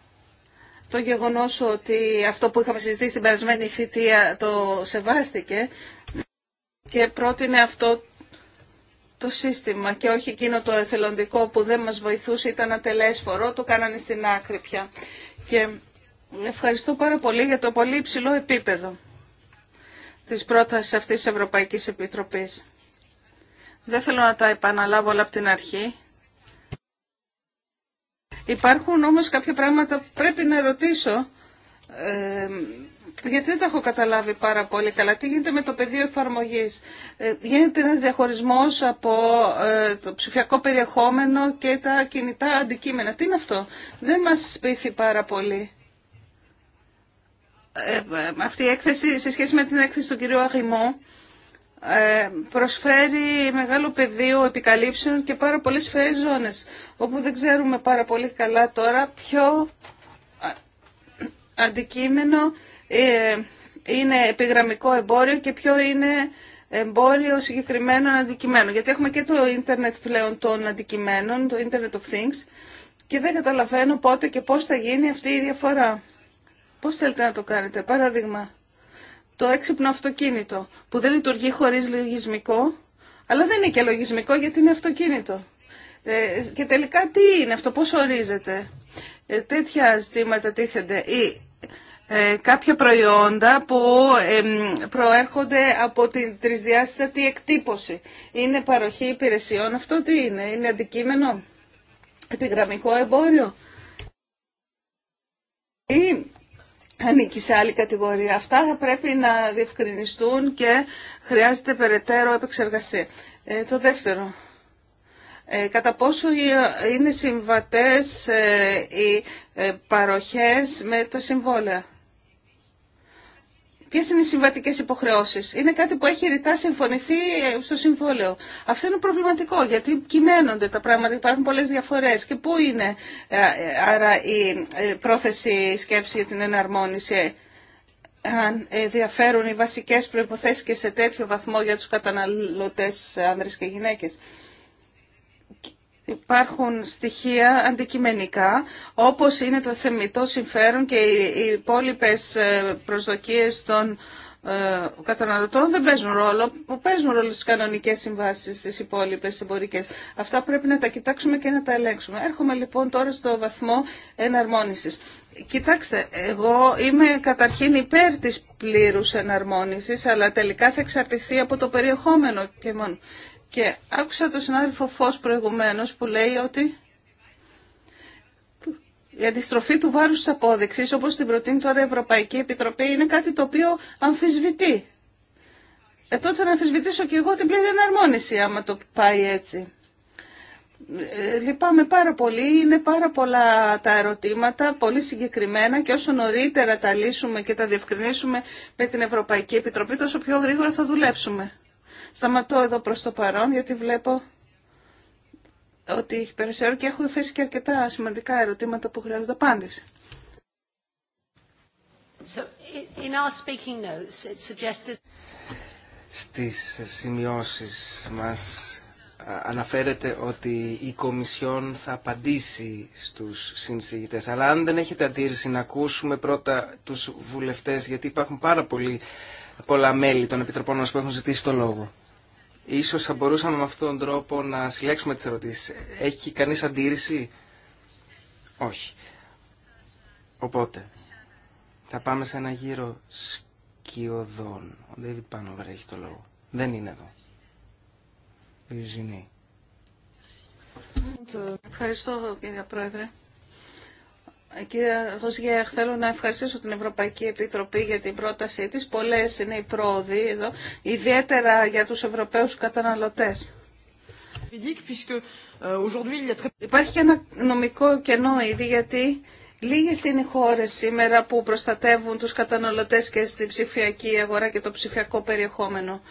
το γεγονός ότι αυτό που είχαμε συζητήσει στην περασμένη θητεία το σεβάστηκε και πρότεινε αυτό το σύστημα και όχι εκείνο το εθελοντικό που δεν μας βοηθούσε ήταν ατελέσφορο, το κάνανε στην άκρη πια. Και ευχαριστώ πάρα πολύ για το πολύ υψηλό επίπεδο της πρότασης αυτής της Ευρωπαϊκής Επιτροπής. Δεν θέλω να τα επαναλάβω όλα από την αρχή. Υπάρχουν όμως κάποια πράγματα που πρέπει να ρωτήσω, ε, γιατί δεν τα έχω καταλάβει πάρα πολύ καλά. Τι γίνεται με το πεδίο εφαρμογής. Ε, γίνεται ένας διαχωρισμός από ε, το ψηφιακό περιεχόμενο και τα κινητά αντικείμενα. Τι είναι αυτό. Δεν μας πείθει πάρα πολύ. Ε, αυτή η έκθεση σε σχέση με την έκθεση του κυρίου Αγιμό ε, προσφέρει μεγάλο πεδίο επικαλύψεων και πάρα πολλές φαιές ζώνες, όπου δεν ξέρουμε πάρα πολύ καλά τώρα ποιο αντικείμενο ε, είναι επιγραμμικό εμπόριο και ποιο είναι εμπόριο συγκεκριμένων αντικειμένων. Γιατί έχουμε και το ίντερνετ πλέον των αντικειμένων, το Internet of Things, και δεν καταλαβαίνω πότε και πώς θα γίνει αυτή η διαφορά. Πώς θέλετε να το κάνετε. Παράδειγμα, το έξυπνο αυτοκίνητο που δεν λειτουργεί χωρίς λογισμικό, αλλά δεν είναι και λογισμικό γιατί είναι αυτοκίνητο. Ε, και τελικά τι είναι αυτό, πώς ορίζεται. Ε, τέτοια ζητήματα τίθενται. Ή ε, κάποια προϊόντα που προέρχονται από την τρισδιάστατη εκτύπωση. Είναι παροχή υπηρεσιών. Αυτό τι είναι, είναι αντικείμενο, επιγραμμικό εμπόριο. Ή ανήκει σε άλλη κατηγορία. Αυτά θα πρέπει να διευκρινιστούν και χρειάζεται περαιτέρω επεξεργασία. Ε, το δεύτερο, ε, κατά πόσο ε, είναι συμβατές ε, οι παροχές με το συμβόλαιο. Ποιε είναι οι συμβατικέ υποχρεώσει. Είναι κάτι που έχει ρητά συμφωνηθεί ε, στο Συμβόλαιο. Αυτό είναι προβληματικό γιατί κυμαίνονται τα πράγματα, υπάρχουν πολλέ διαφορέ. Και πού είναι ε, άρα η ε, πρόθεση, η σκέψη για την εναρμόνιση, αν διαφέρουν οι βασικέ προποθέσει και σε τέτοιο βαθμό για του καταναλωτέ άνδρε και γυναίκε υπάρχουν στοιχεία αντικειμενικά, όπως είναι το θεμητό συμφέρον και οι υπόλοιπε ε, προσδοκίες των ε, καταναλωτών δεν παίζουν ρόλο, που παίζουν ρόλο στις κανονικές συμβάσεις, στις υπόλοιπες εμπορικέ. Αυτά πρέπει να τα κοιτάξουμε και να τα ελέγξουμε. Έρχομαι λοιπόν τώρα στο βαθμό εναρμόνισης. Κοιτάξτε, εγώ είμαι καταρχήν υπέρ της πλήρους εναρμόνισης, αλλά τελικά θα εξαρτηθεί από το περιεχόμενο και μόνο. Και άκουσα τον συνάδελφο Φως προηγουμένως που λέει ότι η αντιστροφή του βάρους της απόδειξης, όπως την προτείνει τώρα η Ευρωπαϊκή Επιτροπή, είναι κάτι το οποίο αμφισβητεί. Ε, τότε να αμφισβητήσω και εγώ την πλήρη εναρμόνιση, άμα το πάει έτσι. Ε, λυπάμαι πάρα πολύ, είναι πάρα πολλά τα ερωτήματα, πολύ συγκεκριμένα και όσο νωρίτερα τα λύσουμε και τα διευκρινίσουμε με την Ευρωπαϊκή Επιτροπή, τόσο πιο γρήγορα θα δουλέψουμε. Σταματώ εδώ προς το παρόν γιατί βλέπω ότι έχει περισσότερο και έχω θέσει και αρκετά σημαντικά ερωτήματα που χρειάζονται απάντηση. So, in our Στις σημειώσεις μας αναφέρεται ότι η Κομισιόν θα απαντήσει στους συνσηγητές. Αλλά αν δεν έχετε αντίρρηση να ακούσουμε πρώτα τους βουλευτές, γιατί υπάρχουν πάρα πολλοί, πολλά μέλη των Επιτροπών μας που έχουν ζητήσει το λόγο. Ίσως θα μπορούσαμε με αυτόν τον τρόπο να συλλέξουμε τις ερωτήσεις. Έχει κανείς αντίρρηση? Όχι. Οπότε, θα πάμε σε ένα γύρο σκιωδών. Ο Ντέιβιτ Πάνοβερ έχει το λόγο. Δεν είναι εδώ. Ευχαριστώ κύριε Πρόεδρε. Κύριε Ροζιέχ, θέλω να ευχαριστήσω την Ευρωπαϊκή Επιτροπή για την πρότασή της. Πολλές είναι οι πρόοδοι εδώ, ιδιαίτερα για τους Ευρωπαίους καταναλωτές. Ε, Υπάρχει και ένα νομικό κενό ήδη γιατί λίγες είναι οι χώρες σήμερα που προστατεύουν τους καταναλωτές και στην ψηφιακή αγορά και το ψηφιακό περιεχόμενο.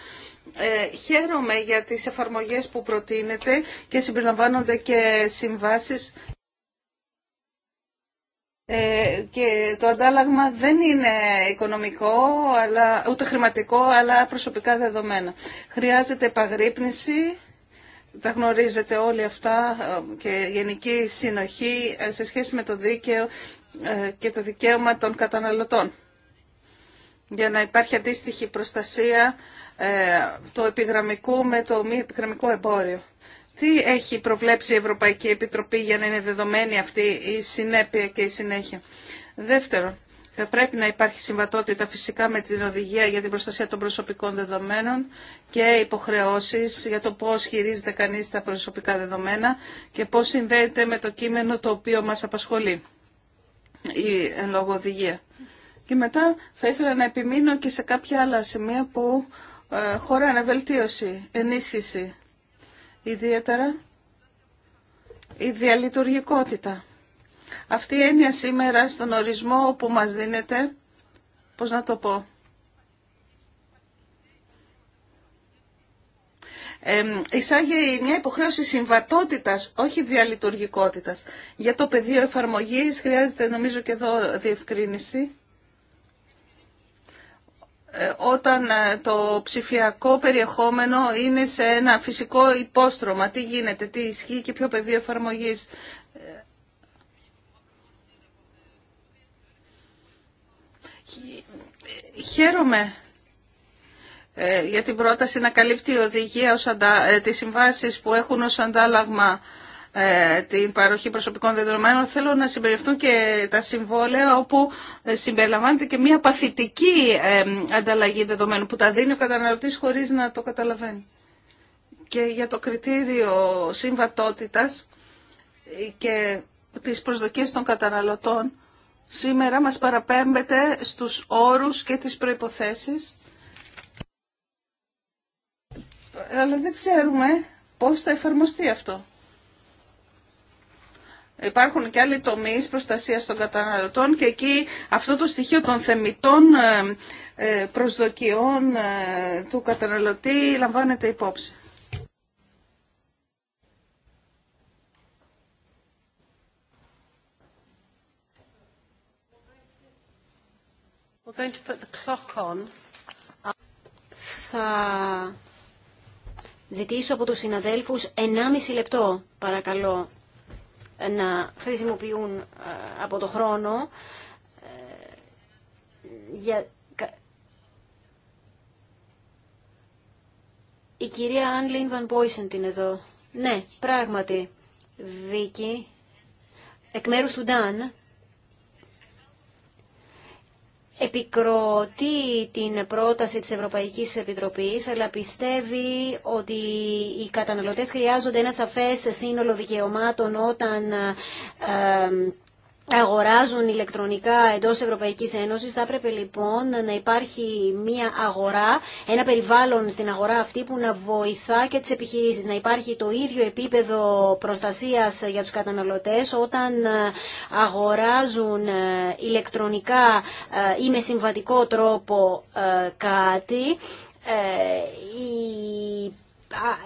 Ε, χαίρομαι για τις εφαρμογές που προτείνετε και συμπεριλαμβάνονται και συμβάσεις ε, και το αντάλλαγμα δεν είναι οικονομικό, αλλά, ούτε χρηματικό, αλλά προσωπικά δεδομένα. Χρειάζεται επαγρύπνηση, τα γνωρίζετε όλοι αυτά και γενική συνοχή ε, σε σχέση με το δίκαιο ε, και το δικαίωμα των καταναλωτών. Για να υπάρχει αντίστοιχη προστασία το επιγραμμικού με το μη επιγραμμικό εμπόριο. Τι έχει προβλέψει η Ευρωπαϊκή Επιτροπή για να είναι δεδομένη αυτή η συνέπεια και η συνέχεια. Δεύτερον, θα πρέπει να υπάρχει συμβατότητα φυσικά με την οδηγία για την προστασία των προσωπικών δεδομένων και υποχρεώσεις για το πώς χειρίζεται κανείς τα προσωπικά δεδομένα και πώς συνδέεται με το κείμενο το οποίο μας απασχολεί η εν λόγω οδηγία. Και μετά θα ήθελα να επιμείνω και σε κάποια άλλα σημεία που ε, χωράνε βελτίωση, ενίσχυση ιδιαίτερα η διαλειτουργικότητα. Αυτή η έννοια σήμερα στον ορισμό που μας δίνεται, πώς να το πω, εισάγει μια υποχρέωση συμβατότητας, όχι διαλειτουργικότητας. Για το πεδίο εφαρμογής χρειάζεται νομίζω και εδώ διευκρίνηση. Ε, όταν ε, το ψηφιακό περιεχόμενο είναι σε ένα φυσικό υπόστρωμα. Τι γίνεται, τι ισχύει και ποιο πεδίο εφαρμογής. Ε, χαίρομαι για την πρόταση να καλύπτει η οδηγία ως αντα... τις συμβάσεις που έχουν ως αντάλλαγμα ε, την παροχή προσωπικών δεδομένων θέλω να συμπεριφθούν και τα συμβόλαια όπου ε, συμπεριλαμβάνεται και μια παθητική ε, ανταλλαγή δεδομένων που τα δίνει ο καταναλωτής χωρίς να το καταλαβαίνει. Και για το κριτήριο συμβατότητας και τις προσδοκίες των καταναλωτών σήμερα μας παραπέμπεται στους όρους και τις προϋποθέσεις αλλά δεν ξέρουμε πώς θα εφαρμοστεί αυτό. Υπάρχουν και άλλοι τομείς προστασίας των καταναλωτών και εκεί αυτό το στοιχείο των θεμητών ε, ε, προσδοκιών ε, του καταναλωτή λαμβάνεται υπόψη. Θα ζητήσω από τους συναδέλφους 1,5 λεπτό, παρακαλώ, να χρησιμοποιούν ε, από το χρόνο ε, για... Η κυρία Αν Βαν Πόισεντ είναι εδώ. Ναι, πράγματι, Βίκη, εκ μέρους του Ντάν, επικροτεί την πρόταση της Ευρωπαϊκής Επιτροπής, αλλά πιστεύει ότι οι καταναλωτές χρειάζονται ένα σαφές σύνολο δικαιωμάτων όταν ε, αγοράζουν ηλεκτρονικά εντό ευρωπαϊκή Ένωση Θα έπρεπε λοιπόν να υπάρχει μια αγορά, ένα περιβάλλον στην αγορά αυτή που να βοηθά και τις επιχειρήσεις. Να υπάρχει το ίδιο επίπεδο προστασίας για τους καταναλωτές όταν ε, αγοράζουν ε, ηλεκτρονικά ε, ή με συμβατικό τρόπο κάτι. η με συμβατικο τροπο κατι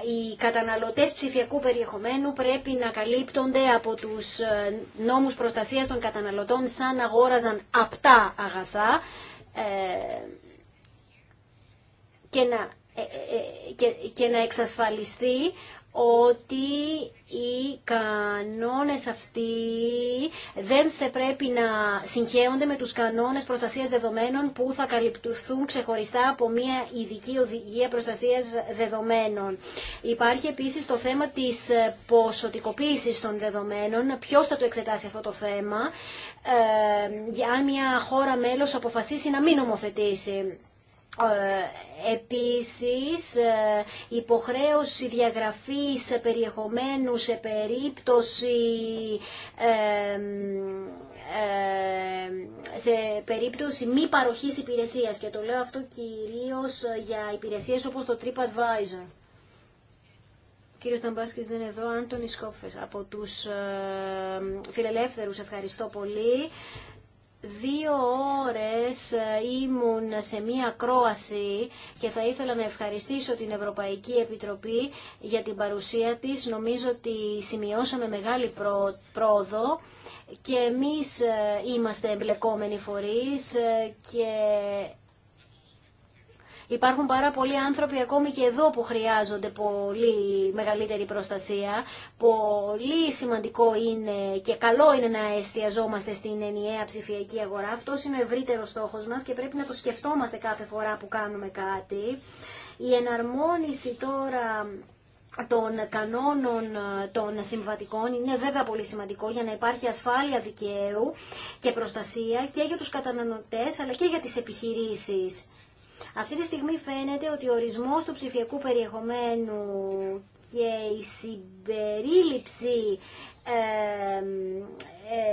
οι καταναλωτές ψηφιακού περιεχομένου πρέπει να καλύπτονται από τους ε, νόμους προστασίας των καταναλωτών σαν αγόραζαν απτά αγαθά ε, και να, ε, και να εξασφαλιστεί ότι οι κανόνες αυτοί δεν θα πρέπει να συγχέονται με τους κανόνες προστασίας δεδομένων που θα καλυπτουθούν ξεχωριστά από μια ειδική οδηγία προστασίας δεδομένων. Υπάρχει επίσης το θέμα της ποσοτικοποίησης των δεδομένων. Ποιος θα το εξετάσει αυτό το θέμα, ε, αν μια χώρα μέλος αποφασίσει να μην νομοθετήσει. Ε, επίσης, ε, υποχρέωση διαγραφής περιεχομένου σε περίπτωση, ε, σε περίπτωση μη παροχής υπηρεσίας και το λέω αυτό κυρίως για υπηρεσίες όπως το TripAdvisor. Κύριο Ταμπάσκης δεν είναι εδώ, Άντωνη Σκόφες από τους φιλελεύθερους. Ευχαριστώ πολύ. Δύο ώρες ε, ήμουν σε μία κρόαση και θα ήθελα να ευχαριστήσω την Ευρωπαϊκή Επιτροπή για την παρουσία της. Νομίζω ότι σημειώσαμε μεγάλη πρόοδο και εμείς ε, είμαστε εμπλεκόμενοι φορείς ε, και Υπάρχουν πάρα πολλοί άνθρωποι ακόμη και εδώ που χρειάζονται πολύ μεγαλύτερη προστασία. Πολύ σημαντικό είναι και καλό είναι να εστιαζόμαστε στην ενιαία ψηφιακή αγορά. Αυτό είναι ο ευρύτερο στόχο μα και πρέπει να το σκεφτόμαστε κάθε φορά που κάνουμε κάτι. Η εναρμόνιση τώρα των κανόνων των συμβατικών είναι βέβαια πολύ σημαντικό για να υπάρχει ασφάλεια δικαίου και προστασία και για τους καταναλωτές αλλά και για τις επιχειρήσεις. Αυτή τη στιγμή φαίνεται ότι ο ορισμός του ψηφιακού περιεχομένου και η συμπερίληψη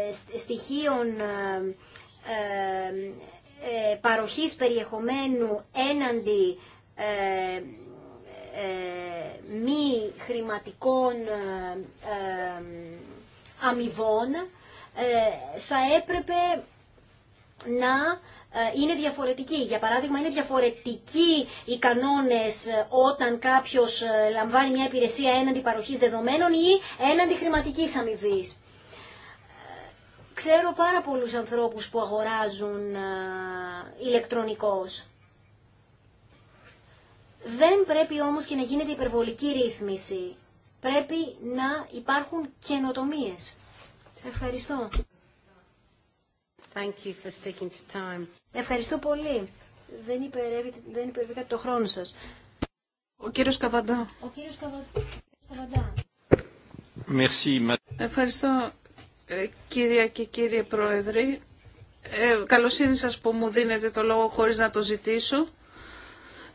ε, στοιχείων ε, παροχής περιεχομένου έναντι ε, μη χρηματικών αμοιβών ε, θα έπρεπε να ε, είναι διαφορετική. Για παράδειγμα, είναι διαφορετικοί οι κανόνες ε, όταν κάποιος ε, λαμβάνει μια υπηρεσία έναντι παροχή δεδομένων ή έναντι χρηματική αμοιβή. Ξέρω πάρα πολλούς ανθρώπους που αγοράζουν ηλεκτρονικώς. Δεν πρέπει όμως και να γίνεται υπερβολική ρύθμιση. Πρέπει να υπάρχουν καινοτομίες. Ευχαριστώ. Thank Ευχαριστώ πολύ. Δεν, δεν υπερβήκατε το χρόνο σας. Ο κύριος Καβαντά. Ο κύριος Καβαντά. Ευχαριστώ ε, κυρία και κύριε Πρόεδρε. Ε, καλοσύνη σας που μου δίνετε το λόγο χωρίς να το ζητήσω.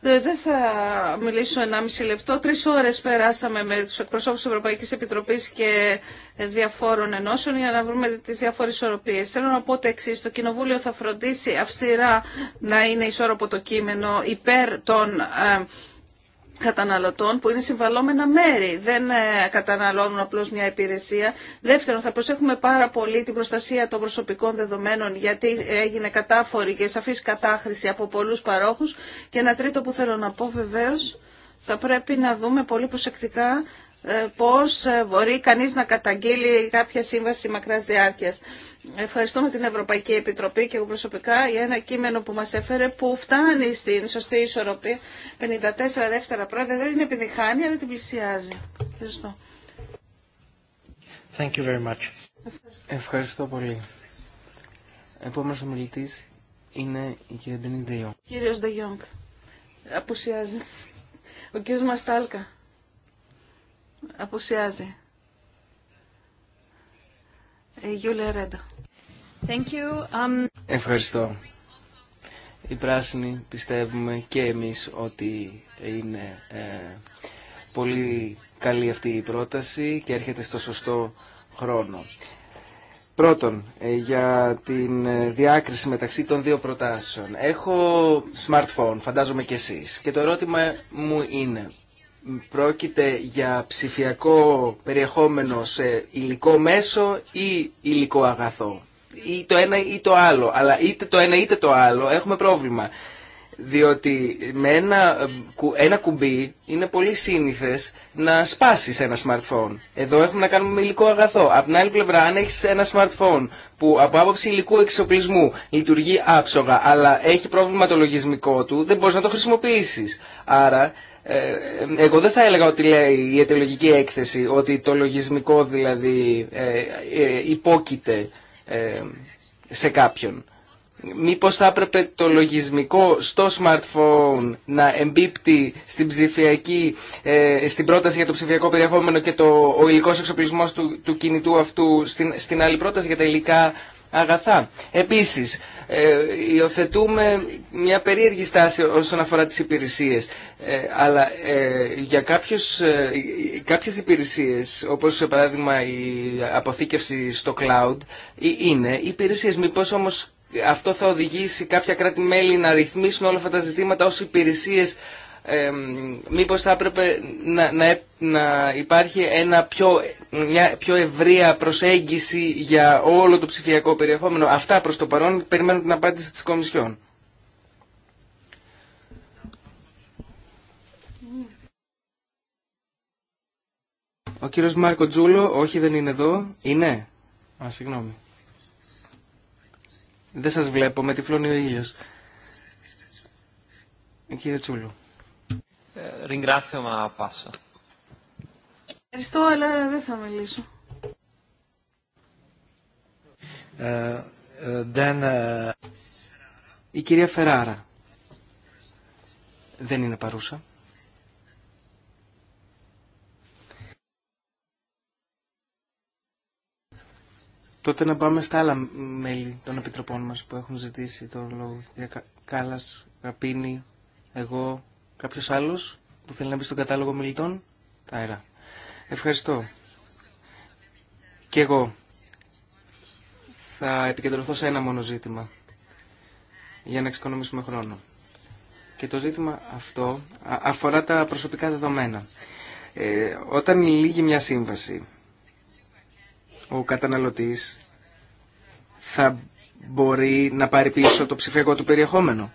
Ε, δεν θα μιλήσω 1,5 λεπτό. Τρει ώρε περάσαμε με του εκπροσώπου τη Ευρωπαϊκή Επιτροπή και διαφόρων ενώσεων για να βρούμε τι διάφορε ισορροπίε. Θέλω να πω το εξή. Το Κοινοβούλιο θα φροντίσει αυστηρά να είναι ισόρροπο το κείμενο υπέρ των ε, καταναλωτών που είναι συμβαλόμενα μέρη. Δεν ε, καταναλώνουν απλώς μια υπηρεσία. Δεύτερον, θα προσέχουμε πάρα πολύ την προστασία των προσωπικών δεδομένων γιατί έγινε κατάφορη και σαφής κατάχρηση από πολλούς παρόχους. Και ένα τρίτο που θέλω να πω βεβαίως θα πρέπει να δούμε πολύ προσεκτικά ε, πώς ε, μπορεί κανείς να καταγγείλει κάποια σύμβαση μακράς διάρκειας. Ευχαριστούμε την Ευρωπαϊκή Επιτροπή και εγώ προσωπικά για ένα κείμενο που μας έφερε που φτάνει στην σωστή ισορροπία. 54 δεύτερα πρώτα δεν την επιτυχάνει αλλά την πλησιάζει. Ευχαριστώ. Ευχαριστώ. Ευχαριστώ πολύ. Επόμενος μιλητής είναι η κυρία Ντενή Ντεγιόγκ. Κύριος Ντεγιόγκ. Απουσιάζει. Ο κύριος Μαστάλκα. Απουσιάζει. Um, Ευχαριστώ. Οι πράσινοι πιστεύουμε και εμείς ότι είναι ε, πολύ καλή αυτή η πρόταση και έρχεται στο σωστό χρόνο. Πρώτον, ε, για την ε, διάκριση μεταξύ των δύο προτάσεων. Έχω smartphone, φαντάζομαι και εσείς. Και το ερώτημα μου είναι, πρόκειται για ψηφιακό περιεχόμενο σε υλικό μέσο ή υλικό αγαθό. Ή το ένα ή το άλλο. Αλλά είτε το ένα είτε το άλλο έχουμε πρόβλημα. Διότι με ένα, ένα κουμπί είναι πολύ σύνηθες να σπάσεις ένα smartphone. Εδώ έχουμε να κάνουμε με υλικό αγαθό. από την άλλη πλευρά, αν έχεις ένα smartphone που από άποψη υλικού εξοπλισμού λειτουργεί άψογα, αλλά έχει πρόβλημα το λογισμικό του, δεν μπορείς να το χρησιμοποιήσεις. Άρα ε, εγώ δεν θα έλεγα ότι λέει η αιτιολογική έκθεση, ότι το λογισμικό δηλαδή ε, ε, υπόκειται σε κάποιον. Μήπως θα έπρεπε το λογισμικό στο smartphone να εμπίπτει στην, ψηφιακή, στην πρόταση για το ψηφιακό περιεχόμενο και το, ο υλικός εξοπλισμός του, του κινητού αυτού στην, στην άλλη πρόταση για τα υλικά αγαθά. Επίσης, ε, υιοθετούμε μια περίεργη στάση όσον αφορά τις υπηρεσίες. Ε, αλλά ε, για κάποιους, ε, κάποιες υπηρεσίες, όπως για παράδειγμα η αποθήκευση στο cloud, ε, είναι υπηρεσίες. Μήπως όμως αυτό θα οδηγήσει κάποια κράτη-μέλη να ρυθμίσουν όλα αυτά τα ζητήματα ως υπηρεσίες ε, μήπως θα έπρεπε να, να υπάρχει ένα πιο, μια πιο ευρεία προσέγγιση για όλο το ψηφιακό περιεχόμενο. Αυτά προς το παρόν περιμένω την απάντηση της Κομισιόν. Ο κύριος Μάρκο Τζούλο, όχι δεν είναι εδώ, είναι. Α, συγγνώμη. Δεν σας βλέπω, με τυφλώνει ο ήλιος. Ε, κύριε Τσούλο. Ε, ringrazio, ma passo. Ευχαριστώ, αλλά δεν θα μιλήσω. Ε, ε, Η κυρία Φεράρα δεν είναι παρούσα. Τότε να πάμε στα άλλα μέλη των επιτροπών μας που έχουν ζητήσει το λόγο. Κάλλας, Ραπίνη, εγώ, Κάποιος άλλος που θέλει να μπει στον κατάλογο μιλητών. αέρα. Ευχαριστώ. Και εγώ θα επικεντρωθώ σε ένα μόνο ζήτημα για να εξοικονομήσουμε χρόνο. Και το ζήτημα αυτό αφορά τα προσωπικά δεδομένα. Ε, όταν λύγει μια σύμβαση, ο καταναλωτής θα μπορεί να πάρει πίσω το ψηφιακό του περιεχόμενο.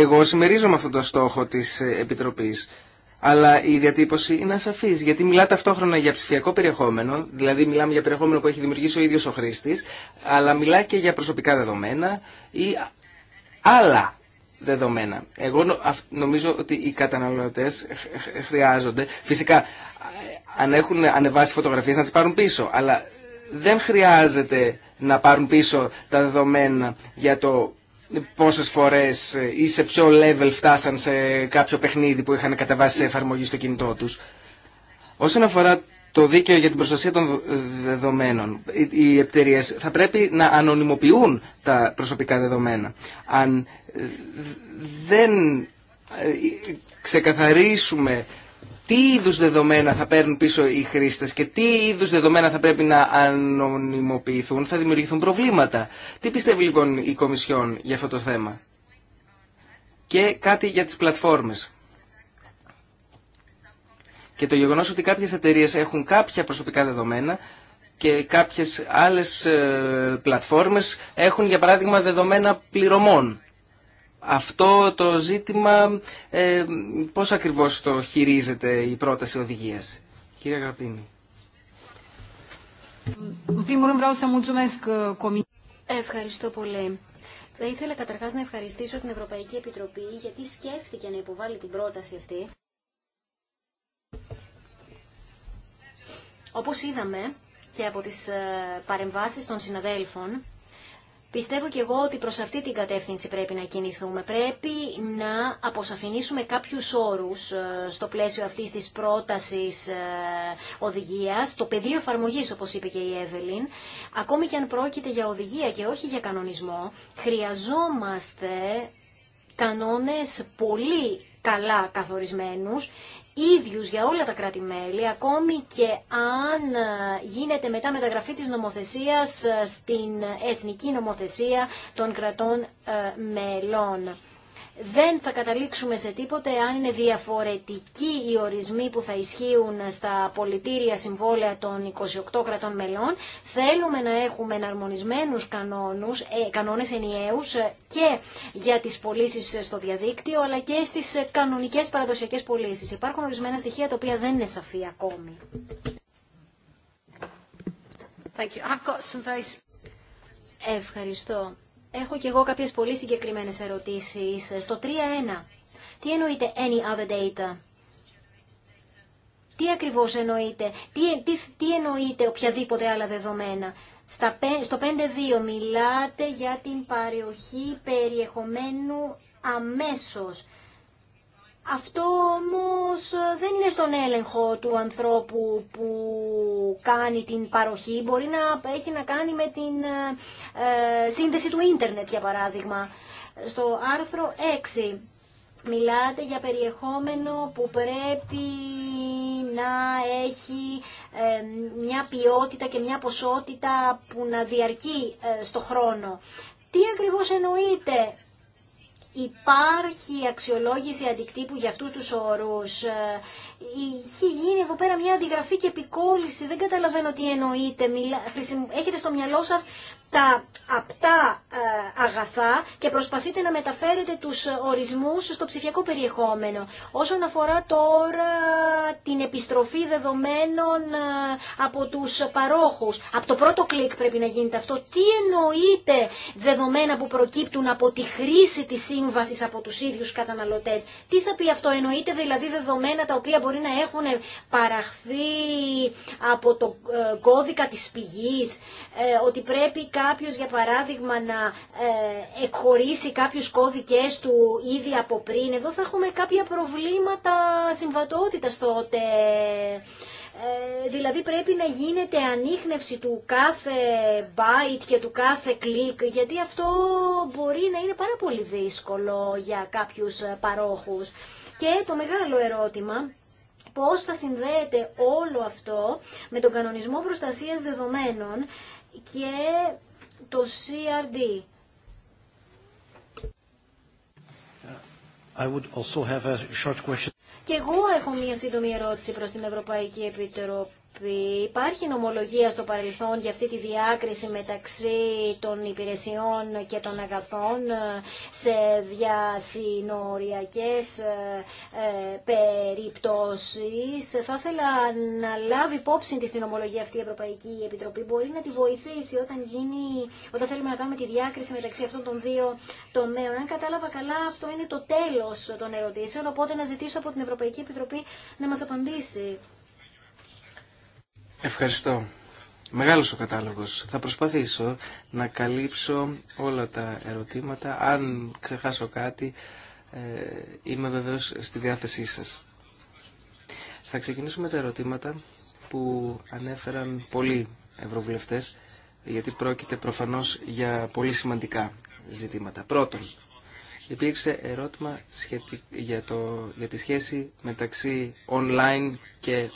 Εγώ συμμερίζομαι αυτόν τον στόχο τη επιτροπή, Αλλά η διατύπωση είναι ασαφή, γιατί μιλά ταυτόχρονα για ψηφιακό περιεχόμενο, δηλαδή μιλάμε για περιεχόμενο που έχει δημιουργήσει ο ίδιο ο χρήστη, αλλά μιλά και για προσωπικά δεδομένα ή άλλα δεδομένα. Εγώ νομίζω ότι οι καταναλωτέ χρειάζονται, φυσικά, ε, αν έχουν ανεβάσει φωτογραφίε να τι πάρουν πίσω, αλλά δεν χρειάζεται να πάρουν πίσω τα δεδομένα για το Πόσε φορέ ή σε ποιο level φτάσαν σε κάποιο παιχνίδι που είχαν καταβάσει σε εφαρμογή στο κινητό του. Όσον αφορά το δίκαιο για την προστασία των δεδομένων, οι εταιρείε θα πρέπει να ανωνυμοποιούν τα προσωπικά δεδομένα. Αν ε, δεν ε, ε, ξεκαθαρίσουμε τι είδους δεδομένα θα παίρνουν πίσω οι χρήστες και τι είδους δεδομένα θα πρέπει να ανωνυμοποιηθούν, θα δημιουργηθούν προβλήματα. Τι πιστεύει λοιπόν η Κομισιόν για αυτό το θέμα. Και κάτι για τις πλατφόρμες. Και το γεγονός ότι κάποιες εταιρείες έχουν κάποια προσωπικά δεδομένα και κάποιες άλλες ε, πλατφόρμες έχουν για παράδειγμα δεδομένα πληρωμών αυτό το ζήτημα ε, πώς ακριβώς το χειρίζεται η πρόταση οδηγίας. Κύριε Γραπίνη. Uh, Ευχαριστώ πολύ. Θα ήθελα καταρχάς να ευχαριστήσω την Ευρωπαϊκή Επιτροπή γιατί σκέφτηκε να υποβάλει την πρόταση αυτή. Όπως είδαμε και από τις ε, παρεμβάσεις των συναδέλφων, Πιστεύω και εγώ ότι προς αυτή την κατεύθυνση πρέπει να κινηθούμε. Πρέπει να αποσαφηνίσουμε κάποιους όρους ε, στο πλαίσιο αυτής της πρότασης ε, οδηγίας, το πεδίο εφαρμογή, όπως είπε και η Εύελιν. Ακόμη και αν πρόκειται για οδηγία και όχι για κανονισμό, χρειαζόμαστε κανόνες πολύ καλά καθορισμένους, ίδιους για όλα τα κράτη-μέλη, ακόμη και αν ε, γίνεται μετά μεταγραφή της νομοθεσίας ε, στην εθνική νομοθεσία των κρατών ε, μελών δεν θα καταλήξουμε σε τίποτε αν είναι διαφορετικοί οι ορισμοί που θα ισχύουν στα πολιτήρια συμβόλαια των 28 κρατών μελών. Θέλουμε να έχουμε εναρμονισμένους κανόνους, ε, κανόνες ενιαίους ε, και για τις πωλήσει στο διαδίκτυο αλλά και στις ε, κανονικές παραδοσιακές πωλήσει. Υπάρχουν ορισμένα στοιχεία τα οποία δεν είναι σαφή ακόμη. Thank you. I've got some very... Ευχαριστώ έχω και εγώ κάποιες πολύ συγκεκριμένες ερωτήσεις. Στο 3.1, τι εννοείται any other data. Τι ακριβώς εννοείται, τι, τι, τι εννοείται οποιαδήποτε άλλα δεδομένα. Στα, στο 5.2 μιλάτε για την παροχή περιεχομένου αμέσως. Αυτό όμως δεν είναι στον έλεγχο του ανθρώπου που κάνει την παροχή. Μπορεί να έχει να κάνει με την ε, σύνδεση του ίντερνετ, για παράδειγμα. Στο άρθρο 6 μιλάτε για περιεχόμενο που πρέπει να έχει ε, μια ποιότητα και μια ποσότητα που να διαρκεί ε, στο χρόνο. Τι ακριβώς εννοείται υπάρχει αξιολόγηση αντικτύπου για αυτούς τους όρους. έχει ε, γίνει εδώ πέρα μια αντιγραφή και επικόλυση. Δεν καταλαβαίνω τι εννοείτε. Έχετε στο μυαλό σας τα απτά ε, αγαθά και προσπαθείτε να μεταφέρετε τους ορισμούς στο ψηφιακό περιεχόμενο. Όσον αφορά τώρα την επιστροφή δεδομένων ε, από τους παρόχους, από το πρώτο κλικ πρέπει να γίνεται αυτό. Τι εννοείται δεδομένα που προκύπτουν από τη χρήση της σύμβασης από τους ίδιους καταναλωτές. Τι θα πει αυτό, εννοείται δηλαδή δεδομένα τα οποία μπορεί να έχουν παραχθεί από το ε, κώδικα της πηγής, ότι πρέπει κάποιος για παράδειγμα να ε, εκχωρήσει κάποιους κώδικες του ήδη από πριν, εδώ θα έχουμε κάποια προβλήματα συμβατότητας τότε. Ε, δηλαδή πρέπει να γίνεται ανείχνευση του κάθε byte και του κάθε κλικ, γιατί αυτό μπορεί να είναι πάρα πολύ δύσκολο για κάποιους παρόχους. Και το μεγάλο ερώτημα πώς θα συνδέεται όλο αυτό με τον κανονισμό προστασίας δεδομένων και το CRD. I would also have a short question. Και εγώ έχω μια σύντομη ερώτηση προς την Ευρωπαϊκή Επιτροπή Υπάρχει νομολογία στο παρελθόν για αυτή τη διάκριση μεταξύ των υπηρεσιών και των αγαθών ε, σε διασυνοριακές ε, ε, περιπτώσεις. Θα ήθελα να λάβει υπόψη της την ομολογία αυτή η Ευρωπαϊκή Επιτροπή. Μπορεί να τη βοηθήσει όταν, γίνει, όταν θέλουμε να κάνουμε τη διάκριση μεταξύ αυτών των δύο τομέων. Αν κατάλαβα καλά αυτό είναι το τέλος των ερωτήσεων, οπότε να ζητήσω από την Ευρωπαϊκή Επιτροπή να μας απαντήσει. Ευχαριστώ. Μεγάλος ο κατάλογος. Θα προσπαθήσω να καλύψω όλα τα ερωτήματα. Αν ξεχάσω κάτι, ε, είμαι βεβαίω στη διάθεσή σας. Θα ξεκινήσουμε με τα ερωτήματα που ανέφεραν πολλοί ευρωβουλευτές, γιατί πρόκειται προφανώς για πολύ σημαντικά ζητήματα. Πρώτον, υπήρξε ερώτημα για, το... για τη σχέση μεταξύ online και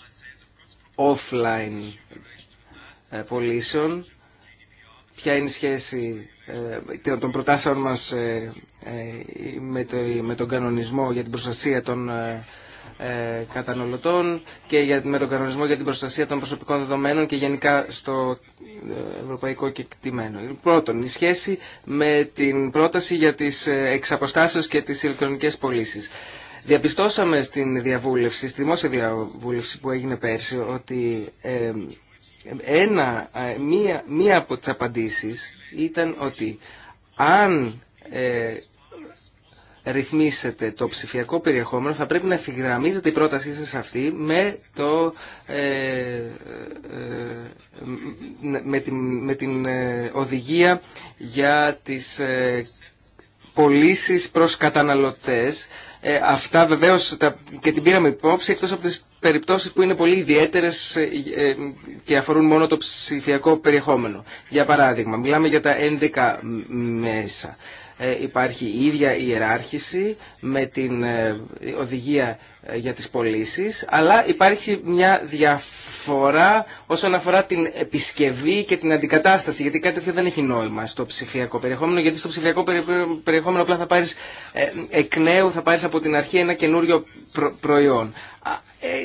offline ε, πωλήσεων. Ποια είναι η σχέση ε, των προτάσεων μας ε, με τον κανονισμό για την προστασία των καταναλωτών και με τον κανονισμό για την προστασία των προσωπικών δεδομένων και γενικά στο ευρωπαϊκό κεκτημένο. Πρώτον, η σχέση με την πρόταση για τις εξαποστάσεις και τις ηλεκτρονικές πωλήσει. Διαπιστώσαμε στην διαβούλευση, στη δημόσια διαβούλευση που έγινε πέρσι, ότι ε, ένα, ε, μία, μία από τις απαντήσεις ήταν ότι αν ε, ρυθμίσετε το ψηφιακό περιεχόμενο θα πρέπει να ευθυγραμμίζετε η πρότασή σας αυτή με, το, ε, με την, οδηγία για τις πωλήσει προς καταναλωτές ε, αυτά βεβαίως και την πήραμε υπόψη εκτός από τις περιπτώσεις που είναι πολύ ιδιαίτερες ε, ε, και αφορούν μόνο το ψηφιακό περιεχόμενο. Για παράδειγμα, μιλάμε για τα 11 μέσα. Ε, υπάρχει η ίδια ιεράρχηση με την ε, οδηγία ε, για τις πωλήσει, αλλά υπάρχει μια διαφορά όσον αφορά την επισκευή και την αντικατάσταση, γιατί κάτι τέτοιο δεν έχει νόημα στο ψηφιακό περιεχόμενο, γιατί στο ψηφιακό περιεχόμενο απλά θα πάρεις εκ νέου, θα πάρεις από την αρχή ένα καινούριο προϊόν.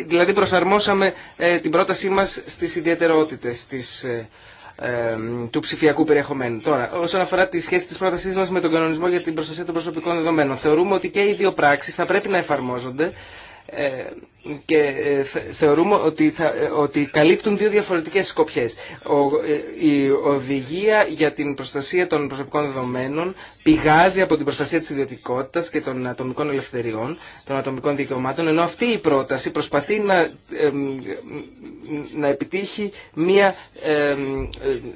Δηλαδή προσαρμόσαμε την πρότασή μας στις ιδιαιτερότητες της του ψηφιακού περιεχομένου. Τώρα, όσον αφορά τη σχέση τη πρότασή μα με τον κανονισμό για την προστασία των προσωπικών δεδομένων, θεωρούμε ότι και οι δύο πράξει θα πρέπει να εφαρμόζονται ε, και ε, θεωρούμε ότι, θα, ε, ότι καλύπτουν δύο διαφορετικές σκοπιές. Ο, η οδηγία για την προστασία των προσωπικών δεδομένων πηγάζει από την προστασία της ιδιωτικότητας και των ατομικών ελευθεριών, των ατομικών δικαιωμάτων, ενώ αυτή η πρόταση προσπαθεί να, να επιτύχει μία ε,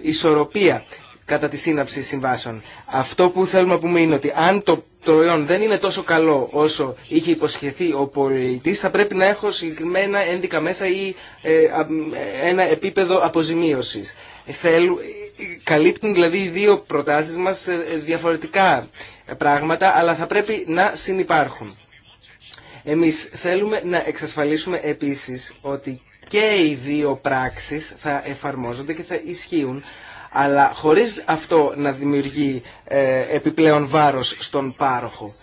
ισορροπία κατά τη σύναψη συμβάσεων. Αυτό που θέλουμε να πούμε είναι ότι αν το προϊόν δεν είναι τόσο καλό όσο είχε υποσχεθεί ο πολιτής, θα πρέπει να έχω συγκεκριμένα ένδικα μέσα ή ε, ένα επίπεδο αποζημίωσης. καλύπτουν δηλαδή οι δύο προτάσεις μας διαφορετικά πράγματα, αλλά θα πρέπει να συνεπάρχουν. Εμείς θέλουμε να εξασφαλίσουμε επίσης ότι και οι δύο πράξεις θα εφαρμόζονται και θα ισχύουν αλλά χωρίς αυτό να δημιουργεί ε, επιπλέον βάρος στον πάροχο.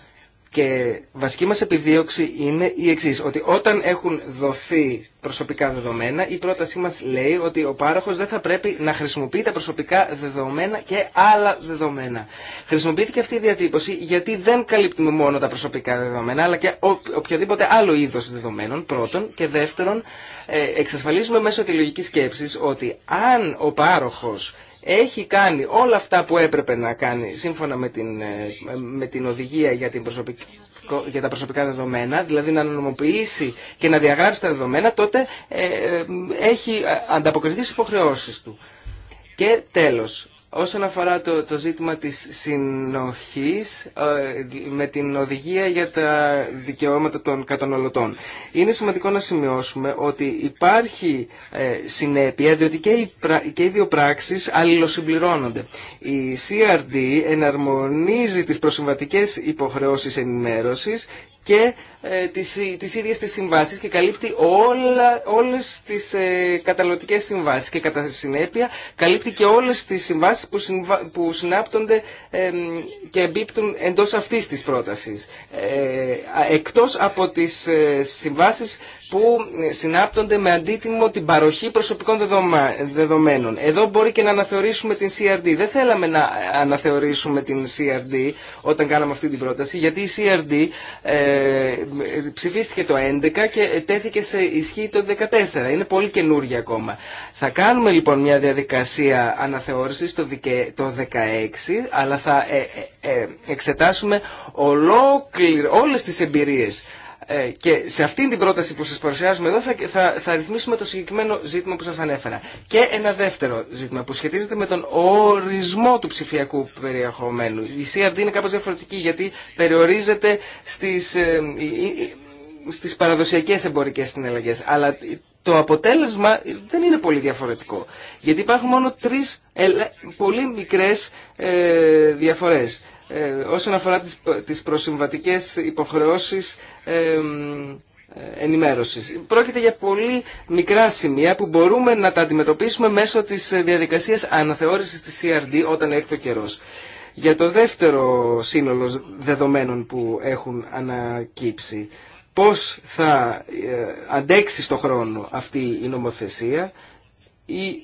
Και βασική μας επιδίωξη είναι η εξής, ότι όταν έχουν δοθεί προσωπικά δεδομένα, η πρότασή μας λέει ότι ο πάροχος δεν θα πρέπει να χρησιμοποιεί τα προσωπικά δεδομένα και άλλα δεδομένα. Χρησιμοποιήθηκε αυτή η διατύπωση γιατί δεν καλύπτουμε μόνο τα προσωπικά δεδομένα, αλλά και οποιοδήποτε άλλο είδος δεδομένων, πρώτον, και δεύτερον, ε, εξασφαλίζουμε μέσω τη λογική σκέψης ότι αν ο πάροχος έχει κάνει όλα αυτά που έπρεπε να κάνει σύμφωνα με την, ε, με την οδηγία για, την προσωπική, για τα προσωπικά δεδομένα, δηλαδή να νομοποιήσει και να διαγράψει τα δεδομένα, τότε ε, ε, έχει ανταποκριθεί στις υποχρεώσεις του. Και τέλος, Όσον αφορά το, το ζήτημα της συνοχής ε, με την οδηγία για τα δικαιώματα των καταναλωτών. Είναι σημαντικό να σημειώσουμε ότι υπάρχει ε, συνέπεια διότι και οι, και δύο πράξεις αλληλοσυμπληρώνονται. Η CRD εναρμονίζει τις προσυμβατικές υποχρεώσεις ενημέρωσης και ε, τις, ε, τις ίδιες τις και καλύπτει όλα, όλες τις ε, συμβάσεις και κατά συνέπεια καλύπτει και όλες τις συμβάσεις που, συνάπτονται και εμπίπτουν εντός αυτής της πρότασης. Ε, εκτός από τις ε, συμβάσεις που συνάπτονται με αντίτιμο την παροχή προσωπικών δεδομένων. Εδώ μπορεί και να αναθεωρήσουμε την CRD. Δεν θέλαμε να αναθεωρήσουμε την CRD όταν κάναμε αυτή την πρόταση, γιατί η CRD ε, ε, ψηφίστηκε το 2011 και τέθηκε σε ισχύ το 2014. Είναι πολύ καινούργια ακόμα. Θα κάνουμε λοιπόν μια διαδικασία αναθεώρησης το 2016, αλλά θα ε, ε, εξετάσουμε ολόκληρο, όλες τις εμπειρίες ε, και σε αυτήν την πρόταση που σας παρουσιάζουμε εδώ θα, θα, θα ρυθμίσουμε το συγκεκριμένο ζήτημα που σας ανέφερα. Και ένα δεύτερο ζήτημα που σχετίζεται με τον ορισμό του ψηφιακού περιεχομένου. Η CRD είναι κάπως διαφορετική γιατί περιορίζεται στις, ε, στις παραδοσιακές εμπορικές συναλλαγές. Αλλά το αποτέλεσμα δεν είναι πολύ διαφορετικό. Γιατί υπάρχουν μόνο τρεις πολύ μικρές ε, διαφορές. Ε, όσον αφορά τις, τις προσυμβατικές υποχρεώσεις ε, ε, ενημέρωσης. Πρόκειται για πολύ μικρά σημεία που μπορούμε να τα αντιμετωπίσουμε μέσω της διαδικασίας αναθεώρησης της CRD όταν έρθει ο καιρός. Για το δεύτερο σύνολο δεδομένων που έχουν ανακύψει, πώς θα αντέξει στο χρόνο αυτή η νομοθεσία ή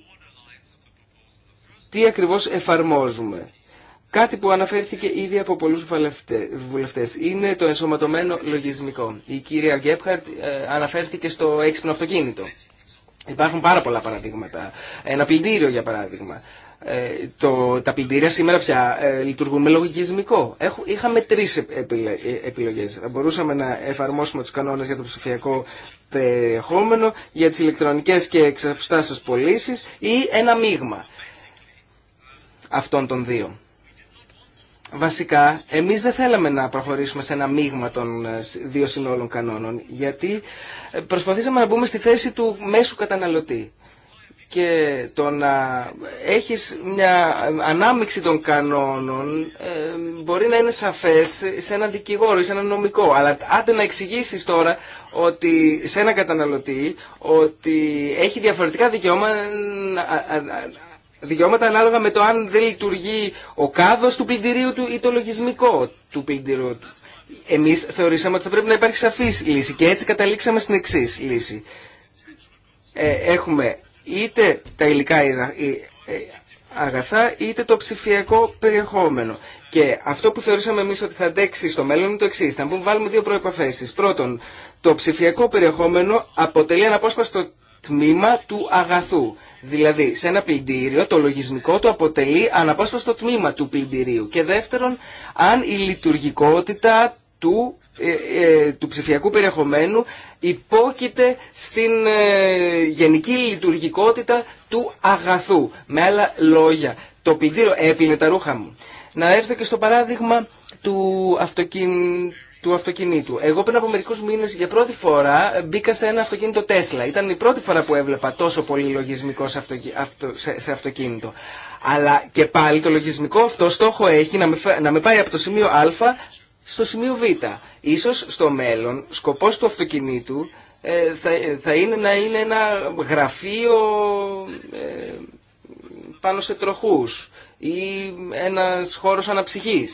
τι ακριβώς εφαρμόζουμε. Κάτι που αναφέρθηκε ήδη από πολλούς βουλευτέ είναι το ενσωματωμένο λογισμικό. Η κυρία Γκέπχαρτ ε, αναφέρθηκε στο έξυπνο αυτοκίνητο. Υπάρχουν πάρα πολλά παραδείγματα. Ένα πλυντήριο για παράδειγμα. Ε, το, τα πλυντήρια σήμερα πια ε, λειτουργούν με λογισμικό. είχαμε τρει επιλε, ε, επιλογές. Θα μπορούσαμε να εφαρμόσουμε του κανόνε για το ψηφιακό περιεχόμενο, για τι ηλεκτρονικέ και εξαρτάσει πωλήσει ή ένα μείγμα αυτών των δύο βασικά εμείς δεν θέλαμε να προχωρήσουμε σε ένα μείγμα των ε, δύο συνόλων κανόνων γιατί ε, προσπαθήσαμε να μπούμε στη θέση του μέσου καταναλωτή και το να έχεις μια ε, ανάμιξη των κανόνων μπορεί να είναι σαφές σε έναν δικηγόρο ή σε έναν νομικό αλλά άντε να εξηγήσει τώρα ότι σε έναν καταναλωτή ότι έχει διαφορετικά δικαιώματα δικαιώματα ανάλογα με το αν δεν λειτουργεί ο κάδος του πλυντηρίου του ή το λογισμικό του πλυντηρίου του. Εμείς θεωρήσαμε ότι θα πρέπει να υπάρχει σαφής λύση και έτσι καταλήξαμε στην εξή λύση. Ε, έχουμε είτε τα υλικά ε, ε, αγαθά είτε το ψηφιακό περιεχόμενο. Και αυτό που θεωρήσαμε εμείς ότι θα αντέξει στο μέλλον είναι το εξή. Θα να βάλουμε δύο προποθέσει. Πρώτον, το ψηφιακό περιεχόμενο αποτελεί αναπόσπαστο τμήμα του αγαθού. Δηλαδή, σε ένα πλυντήριο το λογισμικό του αποτελεί αναπόσπαστο τμήμα του πλυντηρίου. Και δεύτερον, αν η λειτουργικότητα του ε, ε, του ψηφιακού περιεχομένου υπόκειται στην ε, γενική λειτουργικότητα του αγαθού. Με άλλα λόγια, το πλυντήριο έπινε τα ρούχα μου. Να έρθω και στο παράδειγμα του αυτοκιν του αυτοκινήτου. Εγώ πριν από μερικού μήνε για πρώτη φορά μπήκα σε ένα αυτοκίνητο Τέσλα. Ήταν η πρώτη φορά που έβλεπα τόσο πολύ λογισμικό σε, αυτοκίνητο. Αλλά και πάλι το λογισμικό αυτό στόχο έχει να με, να με πάει από το σημείο Α στο σημείο Β. Ίσως στο μέλλον σκοπός του αυτοκινήτου ε, θα, θα είναι να είναι ένα γραφείο ε, πάνω σε τροχού ή ένα χώρο αναψυχή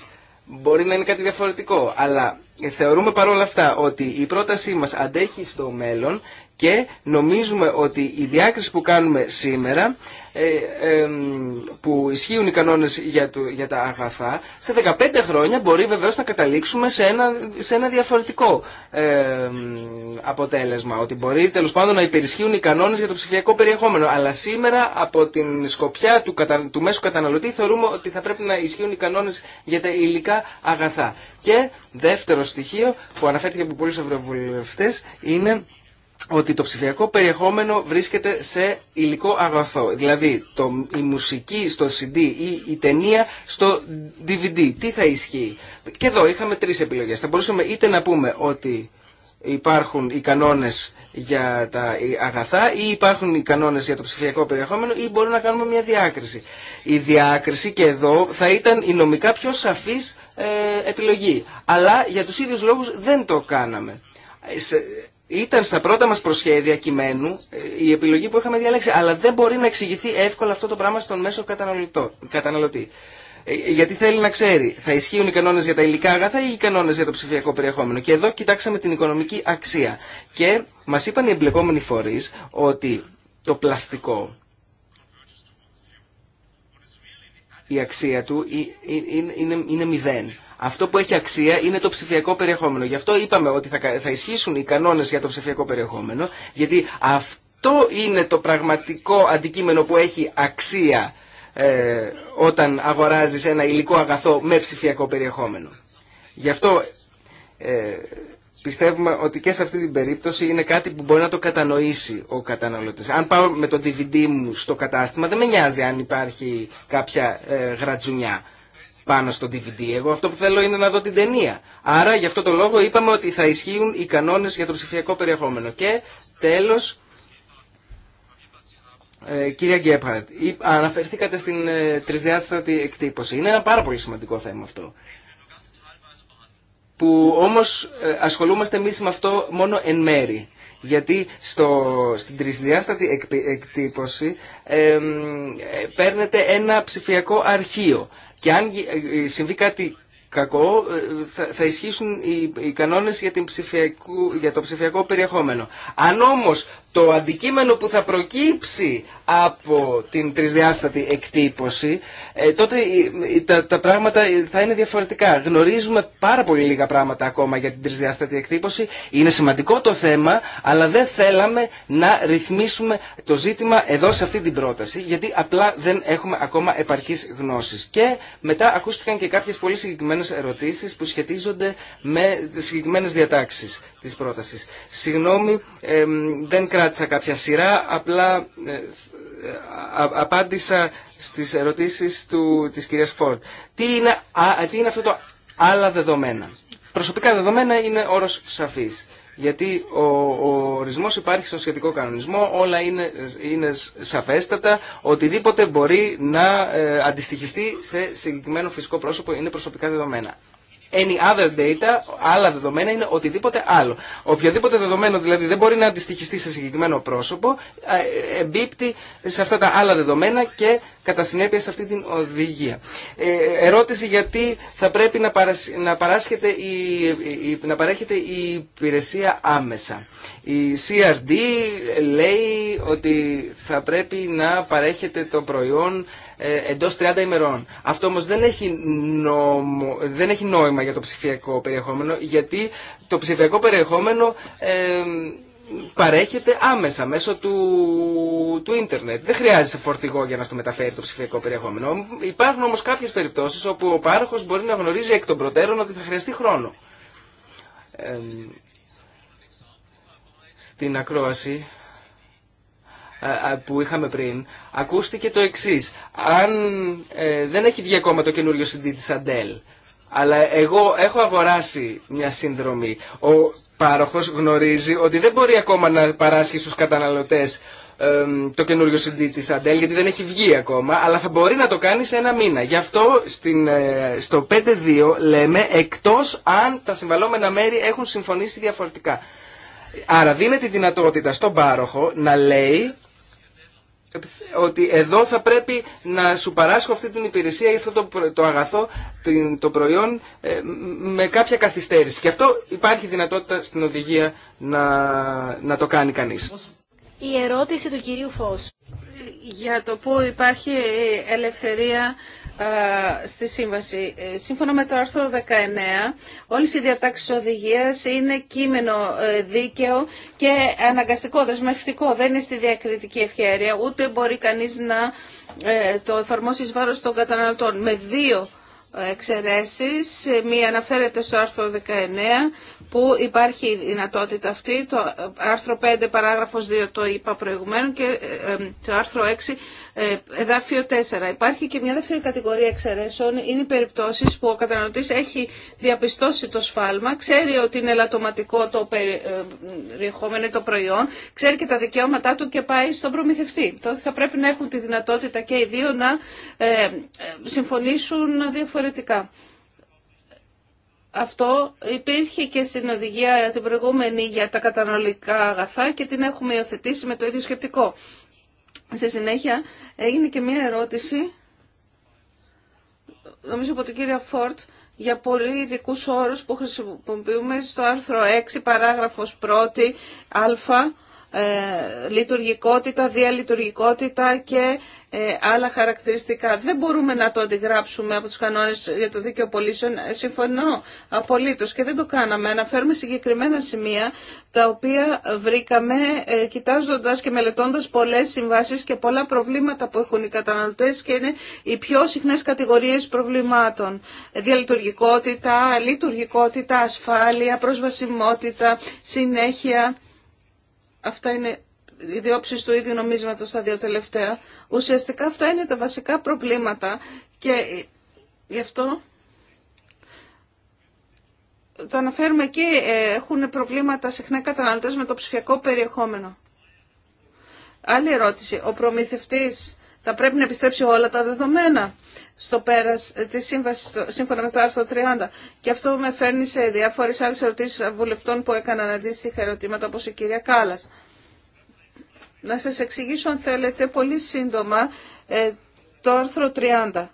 Μπορεί να είναι κάτι διαφορετικό, αλλά θεωρούμε παρόλα αυτά ότι η πρότασή μας αντέχει στο μέλλον και νομίζουμε ότι η διάκριση που κάνουμε σήμερα ε, που ισχύουν οι κανόνες για, για τα αγαθά, σε 15 χρόνια μπορεί βεβαίως να καταλήξουμε σε ένα, σε ένα διαφορετικό αποτέλεσμα. Ότι μπορεί τέλος πάντων να υπερισχύουν οι κανόνες για το ψηφιακό περιεχόμενο. Αλλά σήμερα από την σκοπιά του, του μέσου καταναλωτή θεωρούμε ότι θα πρέπει να ισχύουν οι κανόνες για τα υλικά αγαθά. Και δεύτερο στοιχείο που αναφέρθηκε από πολλούς ευρωβουλευτές είναι ότι το ψηφιακό περιεχόμενο βρίσκεται σε υλικό αγαθό. Δηλαδή το, η μουσική στο CD ή η ταινία στο DVD. Τι θα ισχύει. Και εδώ είχαμε τρεις επιλογές. Θα μπορούσαμε είτε να πούμε ότι υπάρχουν οι κανόνες για τα αγαθά ή υπάρχουν οι κανόνες για το ψηφιακό περιεχόμενο ή μπορούμε να κάνουμε μια διάκριση. Η διάκριση και εδώ θα ήταν η νομικά πιο σαφής ε, επιλογή. Αλλά για τους ίδιους λόγους δεν το κάναμε. Ε, ήταν στα πρώτα μας προσχέδια κειμένου ε, η επιλογή που είχαμε διαλέξει. Αλλά δεν μπορεί να εξηγηθεί εύκολα αυτό το πράγμα στον μέσο καταναλωτή. Ε, γιατί θέλει να ξέρει, θα ισχύουν οι κανόνες για τα υλικά αγαθά ή οι κανόνες για το ψηφιακό περιεχόμενο. Και εδώ κοιτάξαμε την οικονομική αξία. Και μας είπαν οι εμπλεκόμενοι φορείς ότι το πλαστικό, η αξία του είναι μηδέν. Αυτό που έχει αξία είναι το ψηφιακό περιεχόμενο. Γι' αυτό είπαμε ότι θα ισχύσουν οι κανόνες για το ψηφιακό περιεχόμενο, γιατί αυτό είναι το πραγματικό αντικείμενο που έχει αξία ε, όταν αγοράζεις ένα υλικό αγαθό με ψηφιακό περιεχόμενο. Γι' αυτό ε, πιστεύουμε ότι και σε αυτή την περίπτωση είναι κάτι που μπορεί να το κατανοήσει ο καταναλωτής. Αν πάω με το DVD μου στο κατάστημα δεν με νοιάζει αν υπάρχει κάποια ε, γρατζουνιά πάνω στο DVD. Εγώ αυτό που θέλω είναι να δω την ταινία. Άρα γι' αυτό το λόγο είπαμε ότι θα ισχύουν οι κανόνες για το ψηφιακό περιεχόμενο. Και τέλος, ε, κυρία Γκέπχαρτ, αναφερθήκατε στην ε, τρισδιάστατη εκτύπωση. Είναι ένα πάρα πολύ σημαντικό θέμα αυτό. Που όμως ε, ασχολούμαστε εμεί με αυτό μόνο εν μέρη γιατί στο, στην τρισδιάστατη εκτύπωση ε, παίρνετε ένα ψηφιακό αρχείο και αν ε, συμβεί κάτι κακό ε, θα, ισχύσουν οι, οι κανόνες για, την ψηφιακού, για το ψηφιακό περιεχόμενο. Αν όμως το αντικείμενο που θα προκύψει από την τρισδιάστατη εκτύπωση, ε, τότε τα, τα πράγματα θα είναι διαφορετικά. Γνωρίζουμε πάρα πολύ λίγα πράγματα ακόμα για την τρισδιάστατη εκτύπωση. Είναι σημαντικό το θέμα, αλλά δεν θέλαμε να ρυθμίσουμε το ζήτημα εδώ σε αυτή την πρόταση, γιατί απλά δεν έχουμε ακόμα επαρκείς γνώσεις. Και μετά ακούστηκαν και κάποιες πολύ συγκεκριμένες ερωτήσεις που σχετίζονται με συγκεκριμένες διατάξεις της πρότασης. Συγγνώμη, δεν κράτησα κάποια σειρά, απλά ε, απάντησα στις ερωτήσεις του, της κυρίας Φόρτ. Τι είναι, τι είναι αυτό το άλλα δεδομένα. Προσωπικά δεδομένα είναι όρος σαφής. Γιατί ο, ο ορισμός υπάρχει στον σχετικό κανονισμό, όλα είναι, είναι σαφέστατα, οτιδήποτε μπορεί να ε, αντιστοιχιστεί σε συγκεκριμένο φυσικό πρόσωπο είναι προσωπικά δεδομένα. Any other data, άλλα δεδομένα είναι οτιδήποτε άλλο. Οποιοδήποτε δεδομένο δηλαδή δεν μπορεί να αντιστοιχιστεί σε συγκεκριμένο πρόσωπο, εμπίπτει σε αυτά τα άλλα δεδομένα και κατά συνέπεια σε αυτή την οδηγία. Ε, ερώτηση γιατί θα πρέπει να, να, η... η... να παρέχεται η υπηρεσία άμεσα. Η CRD λέει ότι θα πρέπει να παρέχεται το προϊόν ε, Εντό 30 ημερών. Αυτό όμω δεν έχει, δεν έχει νόημα για το ψηφιακό περιεχόμενο γιατί το ψηφιακό περιεχόμενο ε, παρέχεται άμεσα μέσω του, του ίντερνετ. Δεν χρειάζεται φορτηγό για να το μεταφέρει το ψηφιακό περιεχόμενο. Υπάρχουν όμως κάποιες περιπτώσεις όπου ο πάροχος μπορεί να γνωρίζει εκ των προτέρων ότι θα χρειαστεί χρόνο. Ε, στην ακρόαση ε, που είχαμε πριν, ακούστηκε το εξή. Αν ε, δεν έχει βγει ακόμα το καινούριο CD Αντέλ, αλλά εγώ έχω αγοράσει μια σύνδρομη, ο πάροχο γνωρίζει ότι δεν μπορεί ακόμα να παράσχει στους καταναλωτές το καινούριο CD τη Αντέλ γιατί δεν έχει βγει ακόμα αλλά θα μπορεί να το κάνει σε ένα μήνα γι' αυτό στην, ε, στο 5-2 λέμε εκτό αν τα συμβαλώμενα μέρη έχουν συμφωνήσει διαφορετικά άρα δίνεται τη δυνατότητα στον πάροχο να λέει ότι εδώ θα πρέπει να σου παράσχω αυτή την υπηρεσία ή αυτό το, το αγαθό, το προϊόν ε, με κάποια καθυστέρηση. Και αυτό υπάρχει δυνατότητα στην οδηγία να, να το κάνει κανείς. Η ερώτηση του κυρίου Φως. Για το που υπάρχει ελευθερία ε, στη σύμβαση. Ε, σύμφωνα με το άρθρο 19, όλες οι διατάξεις οδηγίας είναι κείμενο ε, δίκαιο και αναγκαστικό, δεσμευτικό. Δεν είναι στη διακριτική ευχαίρεια, ούτε μπορεί κανείς να το εφαρμόσει βάρος των καταναλωτών. Με δύο εξαιρέσεις. Μία αναφέρεται στο άρθρο 19 που υπάρχει η δυνατότητα αυτή, το άρθρο 5 παράγραφος 2 το είπα προηγουμένου και ε, ε, το άρθρο 6 ε, εδάφιο 4. Υπάρχει και μια δεύτερη κατηγορία εξαιρέσεων, είναι οι περιπτώσεις που ο καταναλωτής έχει διαπιστώσει το σφάλμα, ξέρει ότι είναι ελαττωματικό το περιεχόμενο το προϊόν, ξέρει και τα δικαιώματά του και πάει στον προμηθευτή. Τότε θα πρέπει να έχουν τη δυνατότητα και οι δύο να συμφωνήσουν διαφορετικά αυτό υπήρχε και στην οδηγία την προηγούμενη για τα κατανολικά αγαθά και την έχουμε υιοθετήσει με το ίδιο σκεπτικό. Στη συνέχεια έγινε και μία ερώτηση, νομίζω από την κυρία Φόρτ, για πολύ ειδικού όρους που χρησιμοποιούμε στο άρθρο 6, παράγραφος 1, α, ε, λειτουργικότητα, διαλειτουργικότητα και ε, άλλα χαρακτηριστικά. Δεν μπορούμε να το αντιγράψουμε από τους κανόνες για το δίκαιο πολίσεων. Ε, συμφωνώ απολύτως και δεν το κάναμε. Αναφέρουμε συγκεκριμένα σημεία τα οποία βρήκαμε κοιτάζοντας και μελετώντας πολλές συμβάσεις και πολλά προβλήματα που έχουν οι καταναλωτές και είναι οι πιο συχνές κατηγορίες προβλημάτων. Διαλειτουργικότητα, λειτουργικότητα, ασφάλεια, προσβασιμότητα, συνέχεια Αυτά είναι οι διόψεις του ίδιου νομίσματος τα δύο τελευταία. Ουσιαστικά αυτά είναι τα βασικά προβλήματα και γι' αυτό το αναφέρουμε εκεί, ε, έχουν προβλήματα συχνά καταναλωτές με το ψηφιακό περιεχόμενο. Άλλη ερώτηση. Ο προμηθευτής θα πρέπει να επιστρέψει όλα τα δεδομένα στο πέρας της σύμβασης, σύμφωνα με το άρθρο 30. Και αυτό με φέρνει σε διάφορες άλλες ερωτήσεις βουλευτών που έκαναν αντίστοιχα ερωτήματα, όπως η κυρία Κάλλας. Να σας εξηγήσω, αν θέλετε, πολύ σύντομα ε, το άρθρο 30.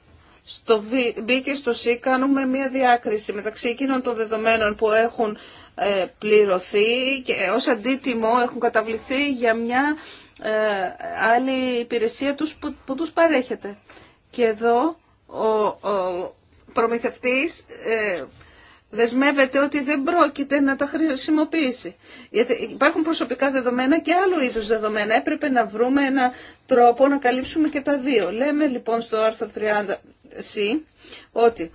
Στο B και στο C κάνουμε μία διάκριση μεταξύ εκείνων των δεδομένων που έχουν ε, πληρωθεί και ως αντίτιμο έχουν καταβληθεί για μια ε, άλλη υπηρεσία τους που, που τους παρέχεται. Και εδώ ο, ο προμηθευτής ε, δεσμεύεται ότι δεν πρόκειται να τα χρησιμοποιήσει. Γιατί υπάρχουν προσωπικά δεδομένα και άλλου είδους δεδομένα. Έπρεπε να βρούμε ένα τρόπο να καλύψουμε και τα δύο. Λέμε λοιπόν στο άρθρο 30C ότι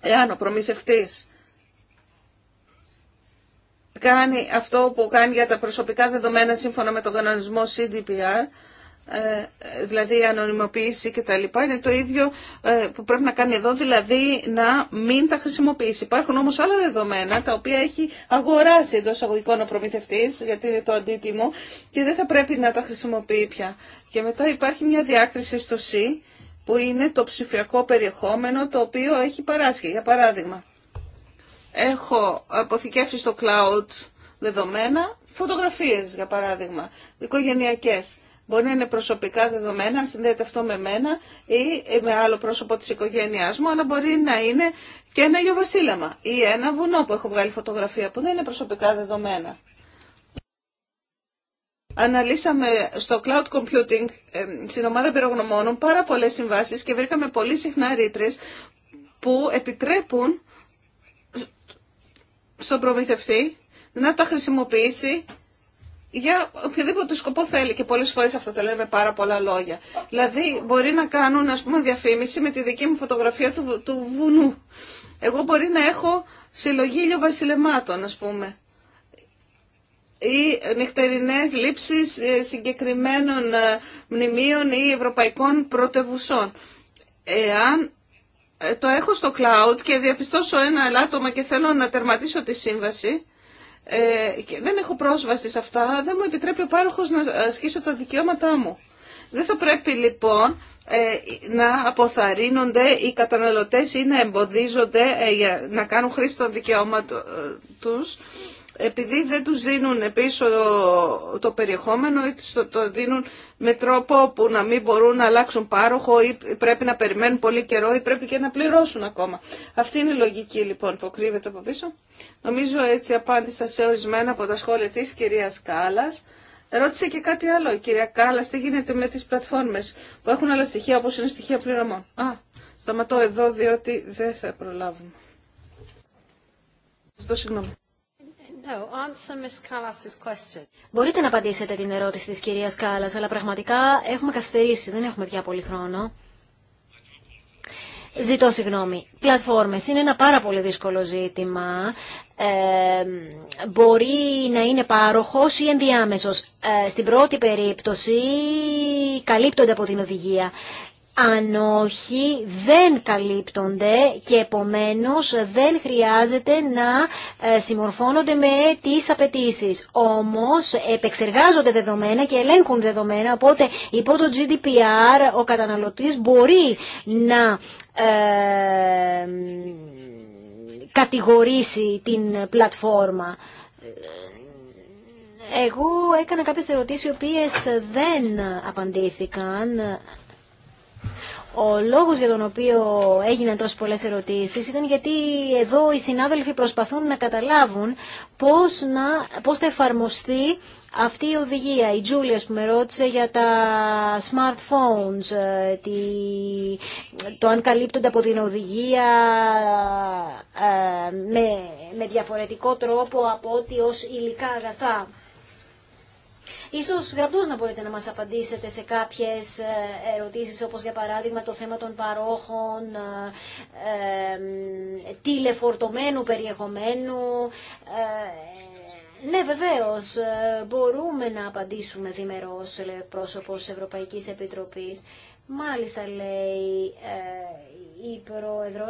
εάν ο προμηθευτής κάνει αυτό που κάνει για τα προσωπικά δεδομένα σύμφωνα με τον κανονισμό CDPR, ε, δηλαδή ανωνυμοποίηση και τα λοιπά, είναι το ίδιο ε, που πρέπει να κάνει εδώ, δηλαδή να μην τα χρησιμοποιήσει. Υπάρχουν όμως άλλα δεδομένα τα οποία έχει αγοράσει εντό αγωγικών ο προμηθευτής, γιατί είναι το αντίτιμο και δεν θα πρέπει να τα χρησιμοποιεί πια. Και μετά υπάρχει μια διάκριση στο C, που είναι το ψηφιακό περιεχόμενο το οποίο έχει παράσχει, για παράδειγμα έχω αποθηκεύσει στο cloud δεδομένα, φωτογραφίες για παράδειγμα, οικογενειακές. Μπορεί να είναι προσωπικά δεδομένα, συνδέεται αυτό με μένα ή με άλλο πρόσωπο της οικογένειάς μου, αλλά μπορεί να είναι και ένα γιοβασίλεμα ή ένα βουνό που έχω βγάλει φωτογραφία που δεν είναι προσωπικά δεδομένα. Αναλύσαμε στο cloud computing ε, στην ομάδα πυρογνωμόνων πάρα πολλές συμβάσεις και βρήκαμε πολύ συχνά ρήτρες που επιτρέπουν στον προμηθευτή να τα χρησιμοποιήσει για οποιοδήποτε σκοπό θέλει και πολλές φορές αυτό το λέμε πάρα πολλά λόγια. Δηλαδή μπορεί να κάνουν ας πούμε διαφήμιση με τη δική μου φωτογραφία του, του βουνού. Εγώ μπορεί να έχω συλλογή βασιλεμάτων ας πούμε ή νυχτερινές λήψεις ε, συγκεκριμένων ε, μνημείων ή ευρωπαϊκών πρωτευουσών. Εάν ε, το έχω στο cloud και διαπιστώσω ένα ελάττωμα και θέλω να τερματίσω τη σύμβαση ε, και δεν έχω πρόσβαση σε αυτά, δεν μου επιτρέπει ο πάροχος να ασκήσω τα δικαιώματά μου. Δεν θα πρέπει λοιπόν ε, να αποθαρρύνονται οι καταναλωτές ή να εμποδίζονται ε, να κάνουν χρήση των δικαιώματων τους επειδή δεν τους δίνουν πίσω το περιεχόμενο ή το, το δίνουν με τρόπο που να μην μπορούν να αλλάξουν πάροχο ή πρέπει να περιμένουν πολύ καιρό ή πρέπει και να πληρώσουν ακόμα. Αυτή είναι η λογική λοιπόν που κρύβεται από πίσω. Νομίζω έτσι απάντησα σε ορισμένα από τα σχόλια της κυρίας Κάλλας. Ρώτησε και κάτι άλλο η κυρία Κάλλας, τι γίνεται με τις πλατφόρμες που έχουν άλλα στοιχεία όπως είναι στοιχεία πληρωμών. Α, σταματώ εδώ διότι δεν θα προλάβουμε. Στο συγγνώμη. Μπορείτε να απαντήσετε την ερώτηση της κυρίας Κάλλας, αλλά πραγματικά έχουμε καθυστερήσει, δεν έχουμε πια πολύ χρόνο. Ζητώ συγγνώμη. Πλατφόρμες είναι ένα πάρα πολύ δύσκολο ζήτημα. Ε, μπορεί να είναι πάροχος ή ενδιάμεσος. Ε, στην πρώτη περίπτωση καλύπτονται από την οδηγία αν όχι δεν καλύπτονται και επομένως δεν χρειάζεται να ε, συμμορφώνονται με τις απαιτήσει. Όμως επεξεργάζονται δεδομένα και ελέγχουν δεδομένα, οπότε υπό το GDPR ο καταναλωτής μπορεί να ε, κατηγορήσει την πλατφόρμα. Εγώ έκανα κάποιες ερωτήσεις οι οποίες δεν απαντήθηκαν ο λόγος για τον οποίο έγιναν τόσο πολλέ ερωτήσει ήταν γιατί εδώ οι συνάδελφοι προσπαθούν να καταλάβουν πώς, να, πώς θα εφαρμοστεί αυτή η οδηγία. Η Τζούλια που με ρώτησε για τα smartphones, ε, το αν καλύπτονται από την οδηγία ε, με, με διαφορετικό τρόπο από ό,τι ω υλικά αγαθά. Ίσως γραπτούς να μπορείτε να μας απαντήσετε σε κάποιες ε, ερωτήσεις, όπως για παράδειγμα το θέμα των παρόχων, ε, ε, τηλεφορτωμένου περιεχομένου, ναι, βεβαίω. Μπορούμε να απαντήσουμε διμερό, λέει εκπρόσωπο τη Ευρωπαϊκή Επιτροπή. Μάλιστα, λέει η πρόεδρο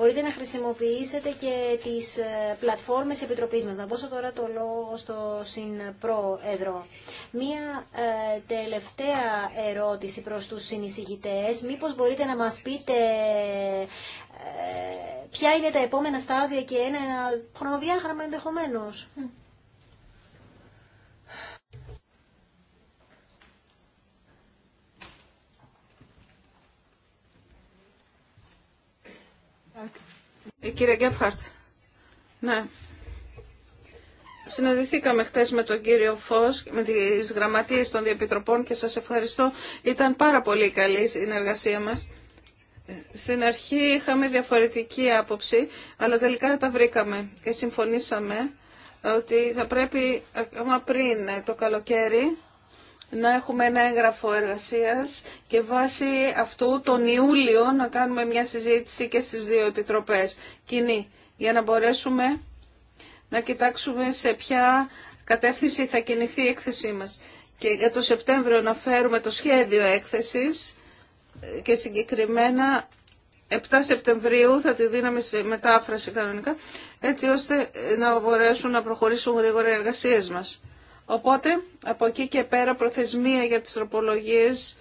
μπορείτε να χρησιμοποιήσετε και τις ε, πλατφόρμες Επιτροπής μας. Να δώσω τώρα το λόγο στο συνπρόεδρο. Μία ε, τελευταία ερώτηση προς τους συνεισηγητές. Μήπως μπορείτε να μας πείτε ε, ποια είναι τα επόμενα στάδια και ένα χρονοδιάγραμμα ενδεχομένως. Η ε, κύριε Γκέφχαρτ. Ναι. Συναντηθήκαμε χθε με τον κύριο Φω, με τι γραμματείε των Διεπιτροπών και σα ευχαριστώ. Ήταν πάρα πολύ καλή η συνεργασία μα. Στην αρχή είχαμε διαφορετική άποψη, αλλά τελικά τα βρήκαμε και συμφωνήσαμε ότι θα πρέπει ακόμα πριν το καλοκαίρι να έχουμε ένα έγγραφο εργασίας και βάσει αυτού τον Ιούλιο να κάνουμε μια συζήτηση και στις δύο επιτροπές κοινή για να μπορέσουμε να κοιτάξουμε σε ποια κατεύθυνση θα κινηθεί η έκθεσή μας. Και για το Σεπτέμβριο να φέρουμε το σχέδιο έκθεσης και συγκεκριμένα 7 Σεπτεμβρίου θα τη δίναμε σε μετάφραση κανονικά, έτσι ώστε να μπορέσουν να προχωρήσουν γρήγορα οι εργασίες μας. Οπότε, από εκεί και πέρα προθεσμία για τις τροπολογίες,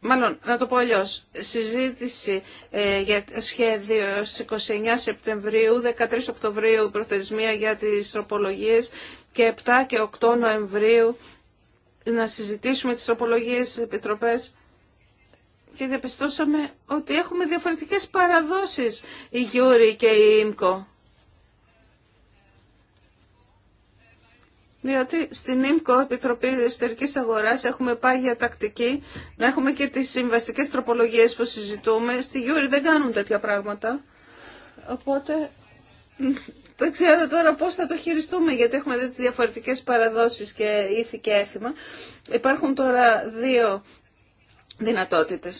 μάλλον να το πω αλλιώ. συζήτηση ε, για το σχέδιο 29 Σεπτεμβρίου, 13 Οκτωβρίου προθεσμία για τις τροπολογίες και 7 και 8 Νοεμβρίου να συζητήσουμε τις τροπολογίες στις επιτροπές και διαπιστώσαμε ότι έχουμε διαφορετικές παραδόσεις η Γιούρη και η Ίμκο. Διότι στην ΙΜΚΟ, Επιτροπή Εσωτερική Αγορά, έχουμε πάει για τακτική να έχουμε και τι συμβαστικέ τροπολογίε που συζητούμε. Στη Γιούρι δεν κάνουν τέτοια πράγματα. Οπότε δεν ξέρω τώρα πώς θα το χειριστούμε, γιατί έχουμε δει τι διαφορετικές παραδόσεις και ήθη και έθιμα. Υπάρχουν τώρα δύο δυνατότητε.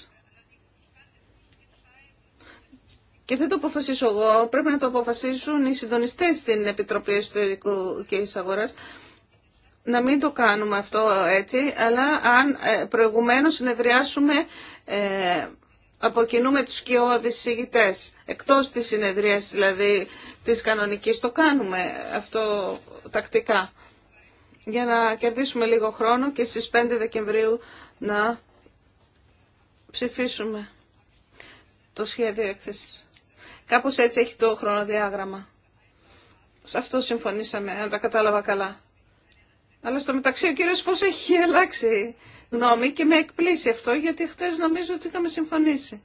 Και δεν το αποφασίσω εγώ, πρέπει να το αποφασίσουν οι συντονιστές στην Επιτροπή Εσωτερικού και να μην το κάνουμε αυτό έτσι, αλλά αν ε, προηγουμένως συνεδριάσουμε ε, από κοινού με τους σκιώδεις συγητές. Εκτός της συνεδρίας δηλαδή της κανονικής το κάνουμε αυτό τακτικά. Για να κερδίσουμε λίγο χρόνο και στις 5 Δεκεμβρίου να ψηφίσουμε το σχέδιο έκθεσης. Κάπως έτσι έχει το χρονοδιάγραμμα. Σε αυτό συμφωνήσαμε, αν τα κατάλαβα καλά. Αλλά στο μεταξύ ο κύριος Φως έχει αλλάξει γνώμη και με εκπλήσει αυτό γιατί χτες νομίζω ότι είχαμε συμφωνήσει.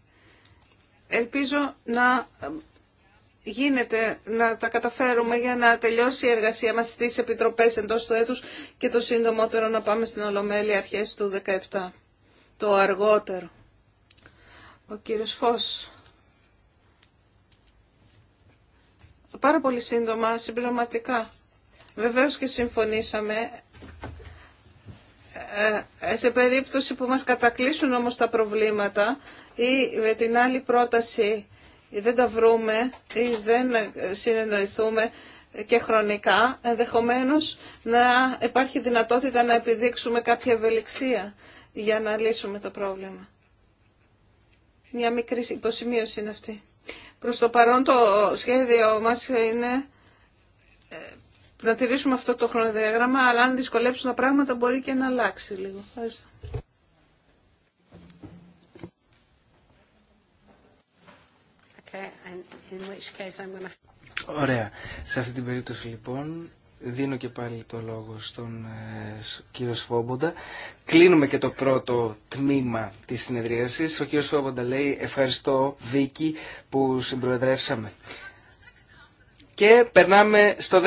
Ελπίζω να ε, γίνεται να τα καταφέρουμε για να τελειώσει η εργασία μας στις επιτροπές εντός του έτους και το σύντομότερο να πάμε στην Ολομέλη αρχές του 17. Το αργότερο. Ο κύριος Φως. Πάρα πολύ σύντομα, συμπληρωματικά. Βεβαίως και συμφωνήσαμε ε, ε, σε περίπτωση που μας κατακλείσουν όμως τα προβλήματα ή με την άλλη πρόταση ή δεν τα βρούμε ή δεν συνεννοηθούμε και χρονικά, ενδεχομένως να υπάρχει δυνατότητα να επιδείξουμε κάποια ευελιξία για να λύσουμε το πρόβλημα. Μια μικρή υποσημείωση είναι αυτή. Προς το παρόν το σχέδιο μας είναι ε, να τηρήσουμε αυτό το χρονοδιάγραμμα, αλλά αν δυσκολέψουν τα πράγματα μπορεί και να αλλάξει λίγο. Ευχαριστώ. Ωραία. Σε αυτή την περίπτωση λοιπόν δίνω και πάλι το λόγο στον ε, κύριο Σφόμποντα. Κλείνουμε και το πρώτο τμήμα της συνεδρίασης. Ο κύριος Σφόμποντα λέει ευχαριστώ Βίκη που συμπροεδρεύσαμε. Και περνάμε στο